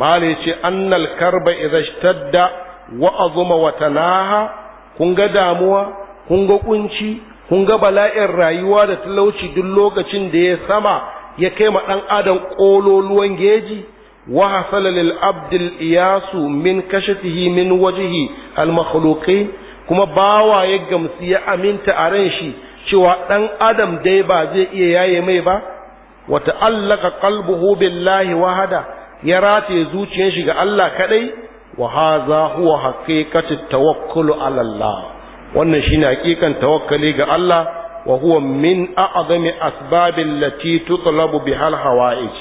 mali yace annal karba idza ishtadda wa azuma wa tanaha kun ga damuwa kun ga kunci kun ga bala'in rayuwa da talauci duk lokacin da ya sama ya kai ma dan adam kololuwan geji wa hasala lil abdil iyasu min kashatihi min wajhi al makhluqin kuma bawa ya gamsu ya aminta a ran shi cewa dan adam dai ba zai iya yaye mai ba wa ta'allaka qalbuhu billahi wahada ya rataye zuciyar shi ga Allah kaɗai. wa hadha huwa haqiqatu tawakkulu ala Allah wannan shine hakikan tawakkali ga Allah wa huwa min a'zami asbabil lati tutlabu bihal hawaij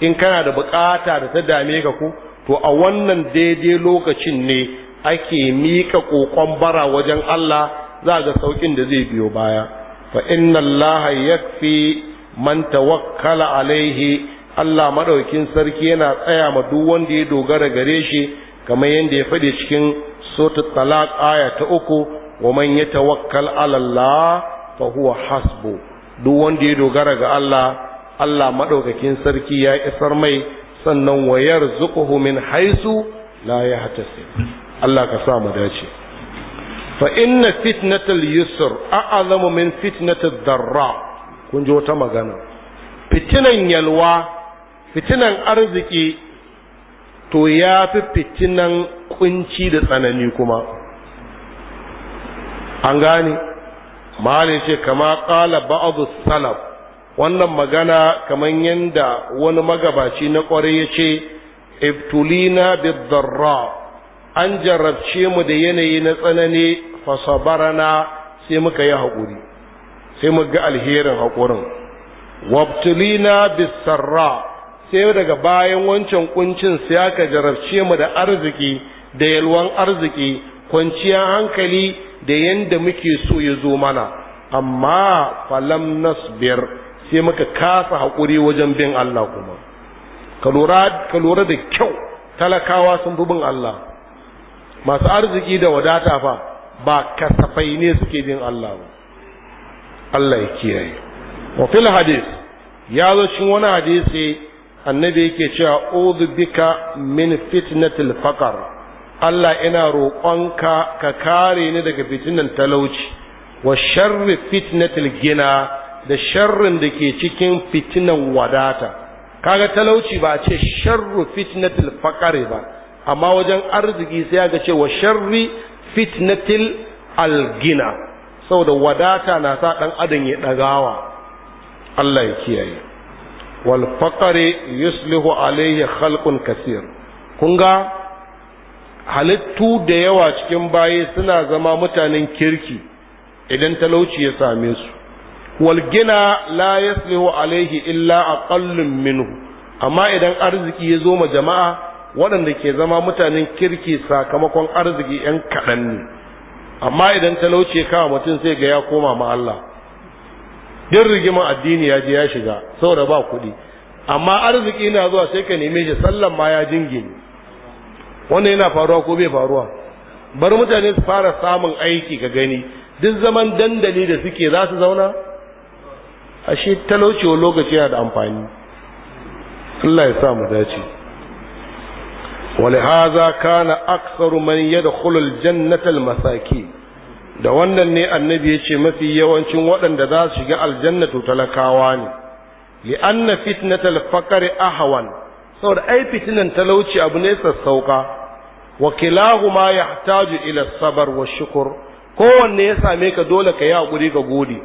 in kana da bukata da ta dame ka ku to a wannan daidai lokacin ne ake mika kokon bara wajen Allah za ga saukin da zai biyo baya fa inna Allah yakfi man tawakkala alaihi Allah madaukin sarki yana tsaya ma duk wanda ya dogara gare shi kamar yadda ya faɗi cikin suratul talaq aya ta uku wa man yatawakkal ala Allah fa huwa hasbu duk wanda ya dogara ga Allah Allah madaukakin sarki ya isar mai sannan wa yarzuquhu min haisu la yahtasib Allah ka sa mu dace fa inna fitnatal yusr a'zamu min fitnatid darra kun ji wata magana fitinan yalwa fitinan arziki to ya fi fitinan kunci da tsanani kuma an gane mahalin ce kama kala ba'adu salaf wannan magana kamar yadda wani magabaci na kwarai ya ce ibtulina bidarra an jarabce mu da yanayi na tsanani fasabarana sai muka yi haƙuri sai mu ga alherin haƙurin wabtulina bisarra sai daga bayan wancan kuncin sai aka jarabce mu da arziki da yalwan arziki kwanciyar hankali da yanda muke so ya zo mana amma falam nasbir sai muka kasa haƙuri wajen bin Allah kuma ka lura da kyau talakawa sun fi bin Allah masu arziki da wadata fa ba kasafai ne suke bin Allah ba Allah ya kiyaye wa fil hadith ya zo cikin wani hadisi annabi yake cewa udhu bika min fitnatil faqr Allah ina roƙonka ka kare ni daga fitinan talauci wa sharri fitnatil gina da sharrin da ke cikin fitinan wadata kaga talauci ba ce sharru fitnatil faqr ba amma wajen arziki sai ga ce wa sharri fitnatil algina saboda wadata na sa ɗan adam ya ɗagawa Allah ya kiyaye wal faqari yuslihu alayhi khalqun kasir kun ga halittu da yawa cikin baye suna zama mutanen kirki idan talauci ya same su wal gina la yuslihu alayhi illa aqallun minhu amma idan arziki ya zo ma jama'a waɗanda ke zama mutanen kirki sakamakon arziki 'yan kaɗan ne amma idan talauce kawa mutum sai ga ya koma ma Allah din rigiman addini ya je ya shiga saboda ba kuɗi amma arziki na zuwa sai ka neme shi sallan ma ya jingine wannan yana faruwa ko bai faruwa bar mutane su fara samun aiki ka gani duk zaman dandali da suke za su zauna ashe talaucewa lokaci yana da amfani Allah ya sa mu dace ولهذا كان أكثر من يدخل الجنة المساكين da wannan ne annabi ya ce mafi yawancin waɗanda za su shiga aljannatu talakawa ne li'anna fitnatal faqr ahwan saboda ai fitinan talauci abu ne sassauka wa kilahuma yahtaju ila sabar wa shukr kowanne ya same ka dole ka yi hakuri ga gode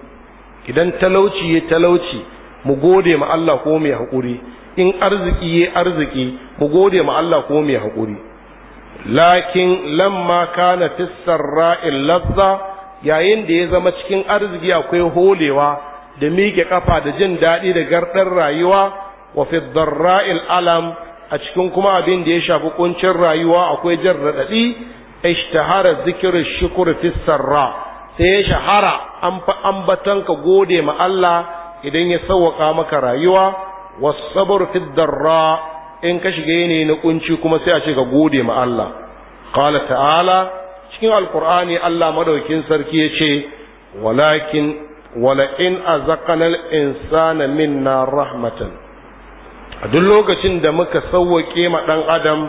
idan talauci ya talauci mu gode ma Allah ko mai haƙuri in arziki ya arziki mu gode ma Allah ko mai haƙuri lakin lamma kana fissar ra'in lazza yayin da ya zama cikin arziki akwai holewa da miƙe kafa da jin daɗi da gardar rayuwa wa fi ra'il alam a cikin kuma abin da ya shafi kuncin rayuwa akwai jin raɗaɗi ishtahara zikirin shukur fissar ra sai ya shahara an fa ka gode ma Allah idan ya sauwaka maka rayuwa wasabr fi darra in ka shiga yanayi na kunci kuma sai a ce ka gode ma Allah qala ta'ala cikin alqur'ani Allah madaukin sarki yace walakin wala in azaqana al-insana minna rahmatan a duk lokacin da muka sauwake ma dan adam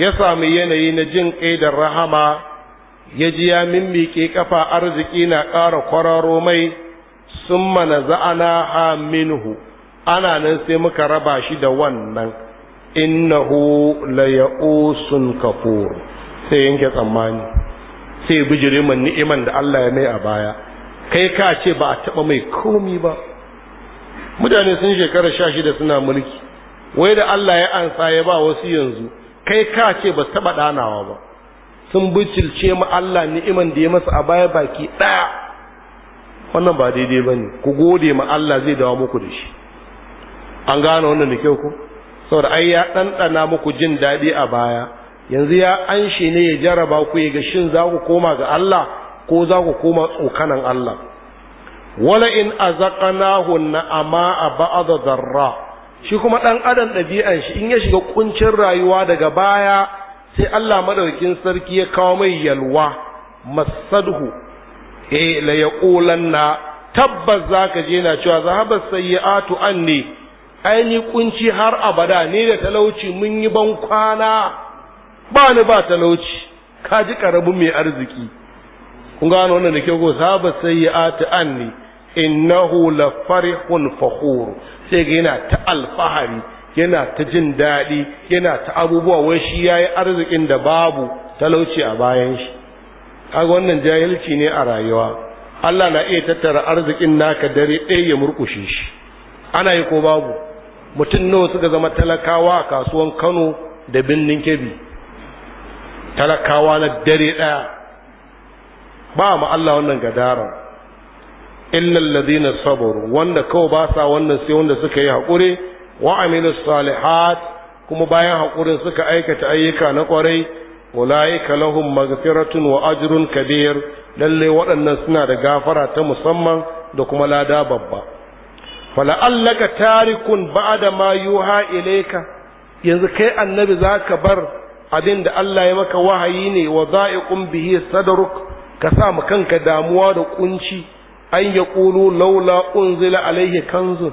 ya samu yanayi na jin kai da rahama ya ji ya mimmike kafa arziki na ƙara kwararo mai sun mana za'ana minhu ana nan sai muka raba shi da wannan innahu la ya'usun kafur sai yanke tsammani sai bijire man ni'iman da Allah ya mai a baya kai ka ce ba a taba mai komi ba mutane sun shekara sha shida suna mulki wai da Allah ya ansa ya ba wasu yanzu kai ka ce ba taba danawa ba sun bicilce mu Allah ni'iman da ya masa a baya baki daya wannan ba daidai ba ne ku gode ma Allah zai dawo muku da shi an gane wannan da kyau ku saboda ai ya ɗanɗana muku jin daɗi a baya yanzu ya anshi ne ya jaraba ku ya ga shin za ku koma ga Allah ko za ku koma tsokanan Allah wala in azaqnahu na'ama ba'd dharra shi kuma dan adam ɗabi'an shi in ya shiga kuncin rayuwa daga baya sai Allah madaukin sarki ya kawo mai yalwa masadhu E la yaqulanna tabbas zaka je na cewa zahabat ne? anni ni kunci har abada ne da talauci mun yi ban kwana ba ni ba talauci ka ji karabin mai arziki kun gano wannan da ke go zahabat sayyi'atu anni innahu la farihun fakhur sai ga yana ta alfahari yana ta jin daɗi yana ta abubuwa wai shi yayi arzikin da babu talauci a bayan shi kaga wannan jahilci ne a rayuwa Allah na iya tattara arzikin naka dare ɗaya ya murkushe shi ana yi ko babu mutum nawa suka zama talakawa a kasuwan Kano da birnin Kebbi talakawa na dare ɗaya ba mu Allah wannan gadara illal ladina sabaru wanda kawai ba sa wannan sai wanda suka yi hakuri, wa amilus salihat kuma bayan haƙurin suka aikata ayyuka na kwarai. ulaika lahum maghfiratun wa ajrun kabir lalle waɗannan suna da gafara ta musamman da kuma lada babba fala'allaka tarikun ba'da ma yuha ilayka yanzu kai annabi zaka bar abin da Allah ya maka wahayi ne wa za'iqun bihi sadruk ka sa mu kanka damuwa da kunci an yaqulu laula unzila alayhi kanzun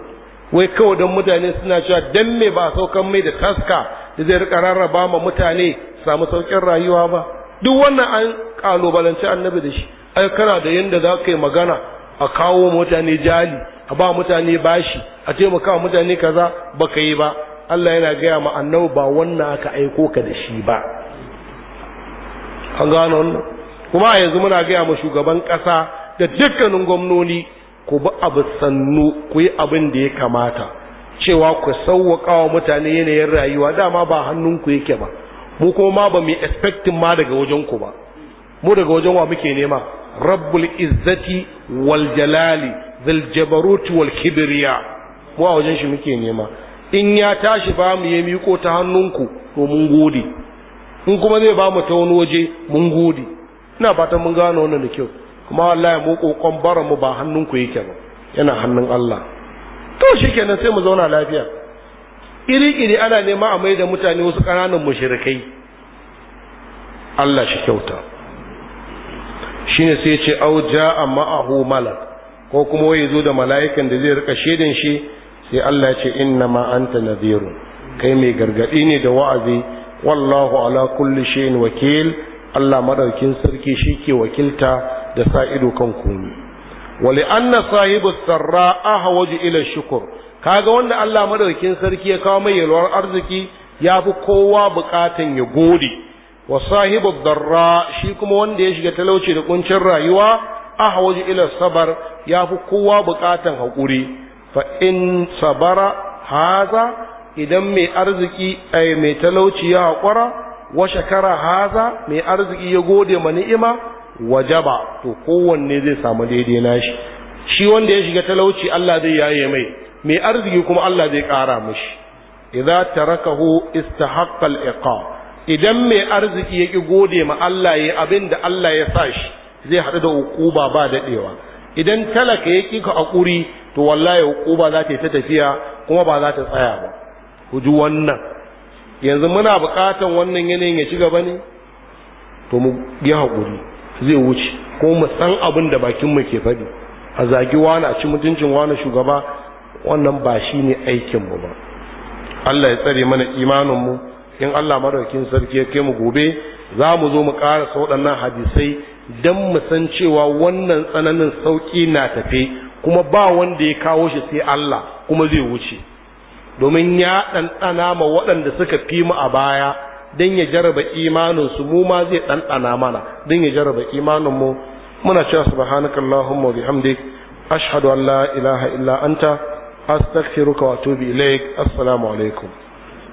wai kawai don mutane suna cewa dan me ba saukan mai da taska da zai rika rarraba ma mutane samu saukin rayuwa ba duk wannan an kalubalanci annabi da shi ai kana da yanda za ka yi magana a kawo mutane jali a ba mutane bashi a taimaka mutane kaza baka yi ba Allah yana gaya ma annabi ba wannan aka aiko ka da shi ba an gano wannan kuma yanzu muna gaya ma shugaban ƙasa da dukkanin gwamnoni ku bi abu sannu ku yi abin da ya kamata cewa ku sauwaƙa wa mutane yanayin rayuwa dama ba hannunku yake ba mu kuma ma ba mu expecting ma daga wajen ku ba mu daga wajen wa muke nema rabbul izzati wal jalali zal jabarut wal kibriya mu a wajen shi muke nema in ya tashi ba mu ya miko ta hannunku to mun gode in kuma zai ba mu ta wani waje mun gode ina fata mun gano wannan da kyau kuma wallahi mu kokon bara mu ba hannunku yake ba yana hannun Allah to shikenan sai mu zauna lafiya kiri-kiri ana nema a mai da mutane wasu ƙananan mashirikai. Allah shi kyauta ne sai ce au a ma'ahu malak ko kuma wai zo da mala'ikan da zai rika shedin shi sai Allah ce inna ma anta nadhiru kai mai gargadi ne da wa'azi wallahu ala kulli shay'in wakil Allah maɗaukin sarki shi ke wakilta da sa ido kan komai wali anna sahibu sarra aha ahwaju ila shukur kaga wanda Allah madaukin sarki ya kawo mai yalwar arziki ya fi kowa bukatan ya gode wa sahibu darra shi kuma wanda ya shiga talauci da kuncin rayuwa aha ahwaju ila sabar ya fi kowa bukatan hakuri fa in sabara haza idan mai arziki ai mai talauci ya hakura wa shakara haza mai arziki ya gode ma ni'ima wajaba to kowanne zai samu daidai nashi shi wanda ya shiga talauci Allah zai yaye mai mai arziki kuma Allah zai ƙara mishi idza tarakahu istahaqqa al-iqab idan mai arziki yake gode ma Allah yayi abin Allah ya sa shi zai haɗu da uquba ba dadewa idan talaka yake ka akuri to wallahi uquba za ta tafiya kuma ba za ta tsaya ba ku wannan yanzu muna buƙatan wannan yanayin ya ci gaba ne to mu yi haƙuri zai wuce ko mu san abin da bakinmu ke faɗi a zagi wani a ci mutuncin wani shugaba wannan ba shi ne aikinmu ba Allah ya tsare mana imanin mu in Allah madaukin sarki ya kai mu gobe za mu zo mu ƙara waɗannan hadisai dan mu san cewa wannan tsananin sauki na tafe kuma ba wanda ya kawo shi sai Allah kuma zai wuce domin ya ɗanɗana ma waɗanda suka fi mu a baya don ya jarraba imaninsu mu ma zai ɗanɗana mana don ya jarraba imaninmu muna cewa subhanaka allahumma bihamdik ashhadu an la ilaha illa anta astaghfiruka wa atubu ilaik assalamu alaikum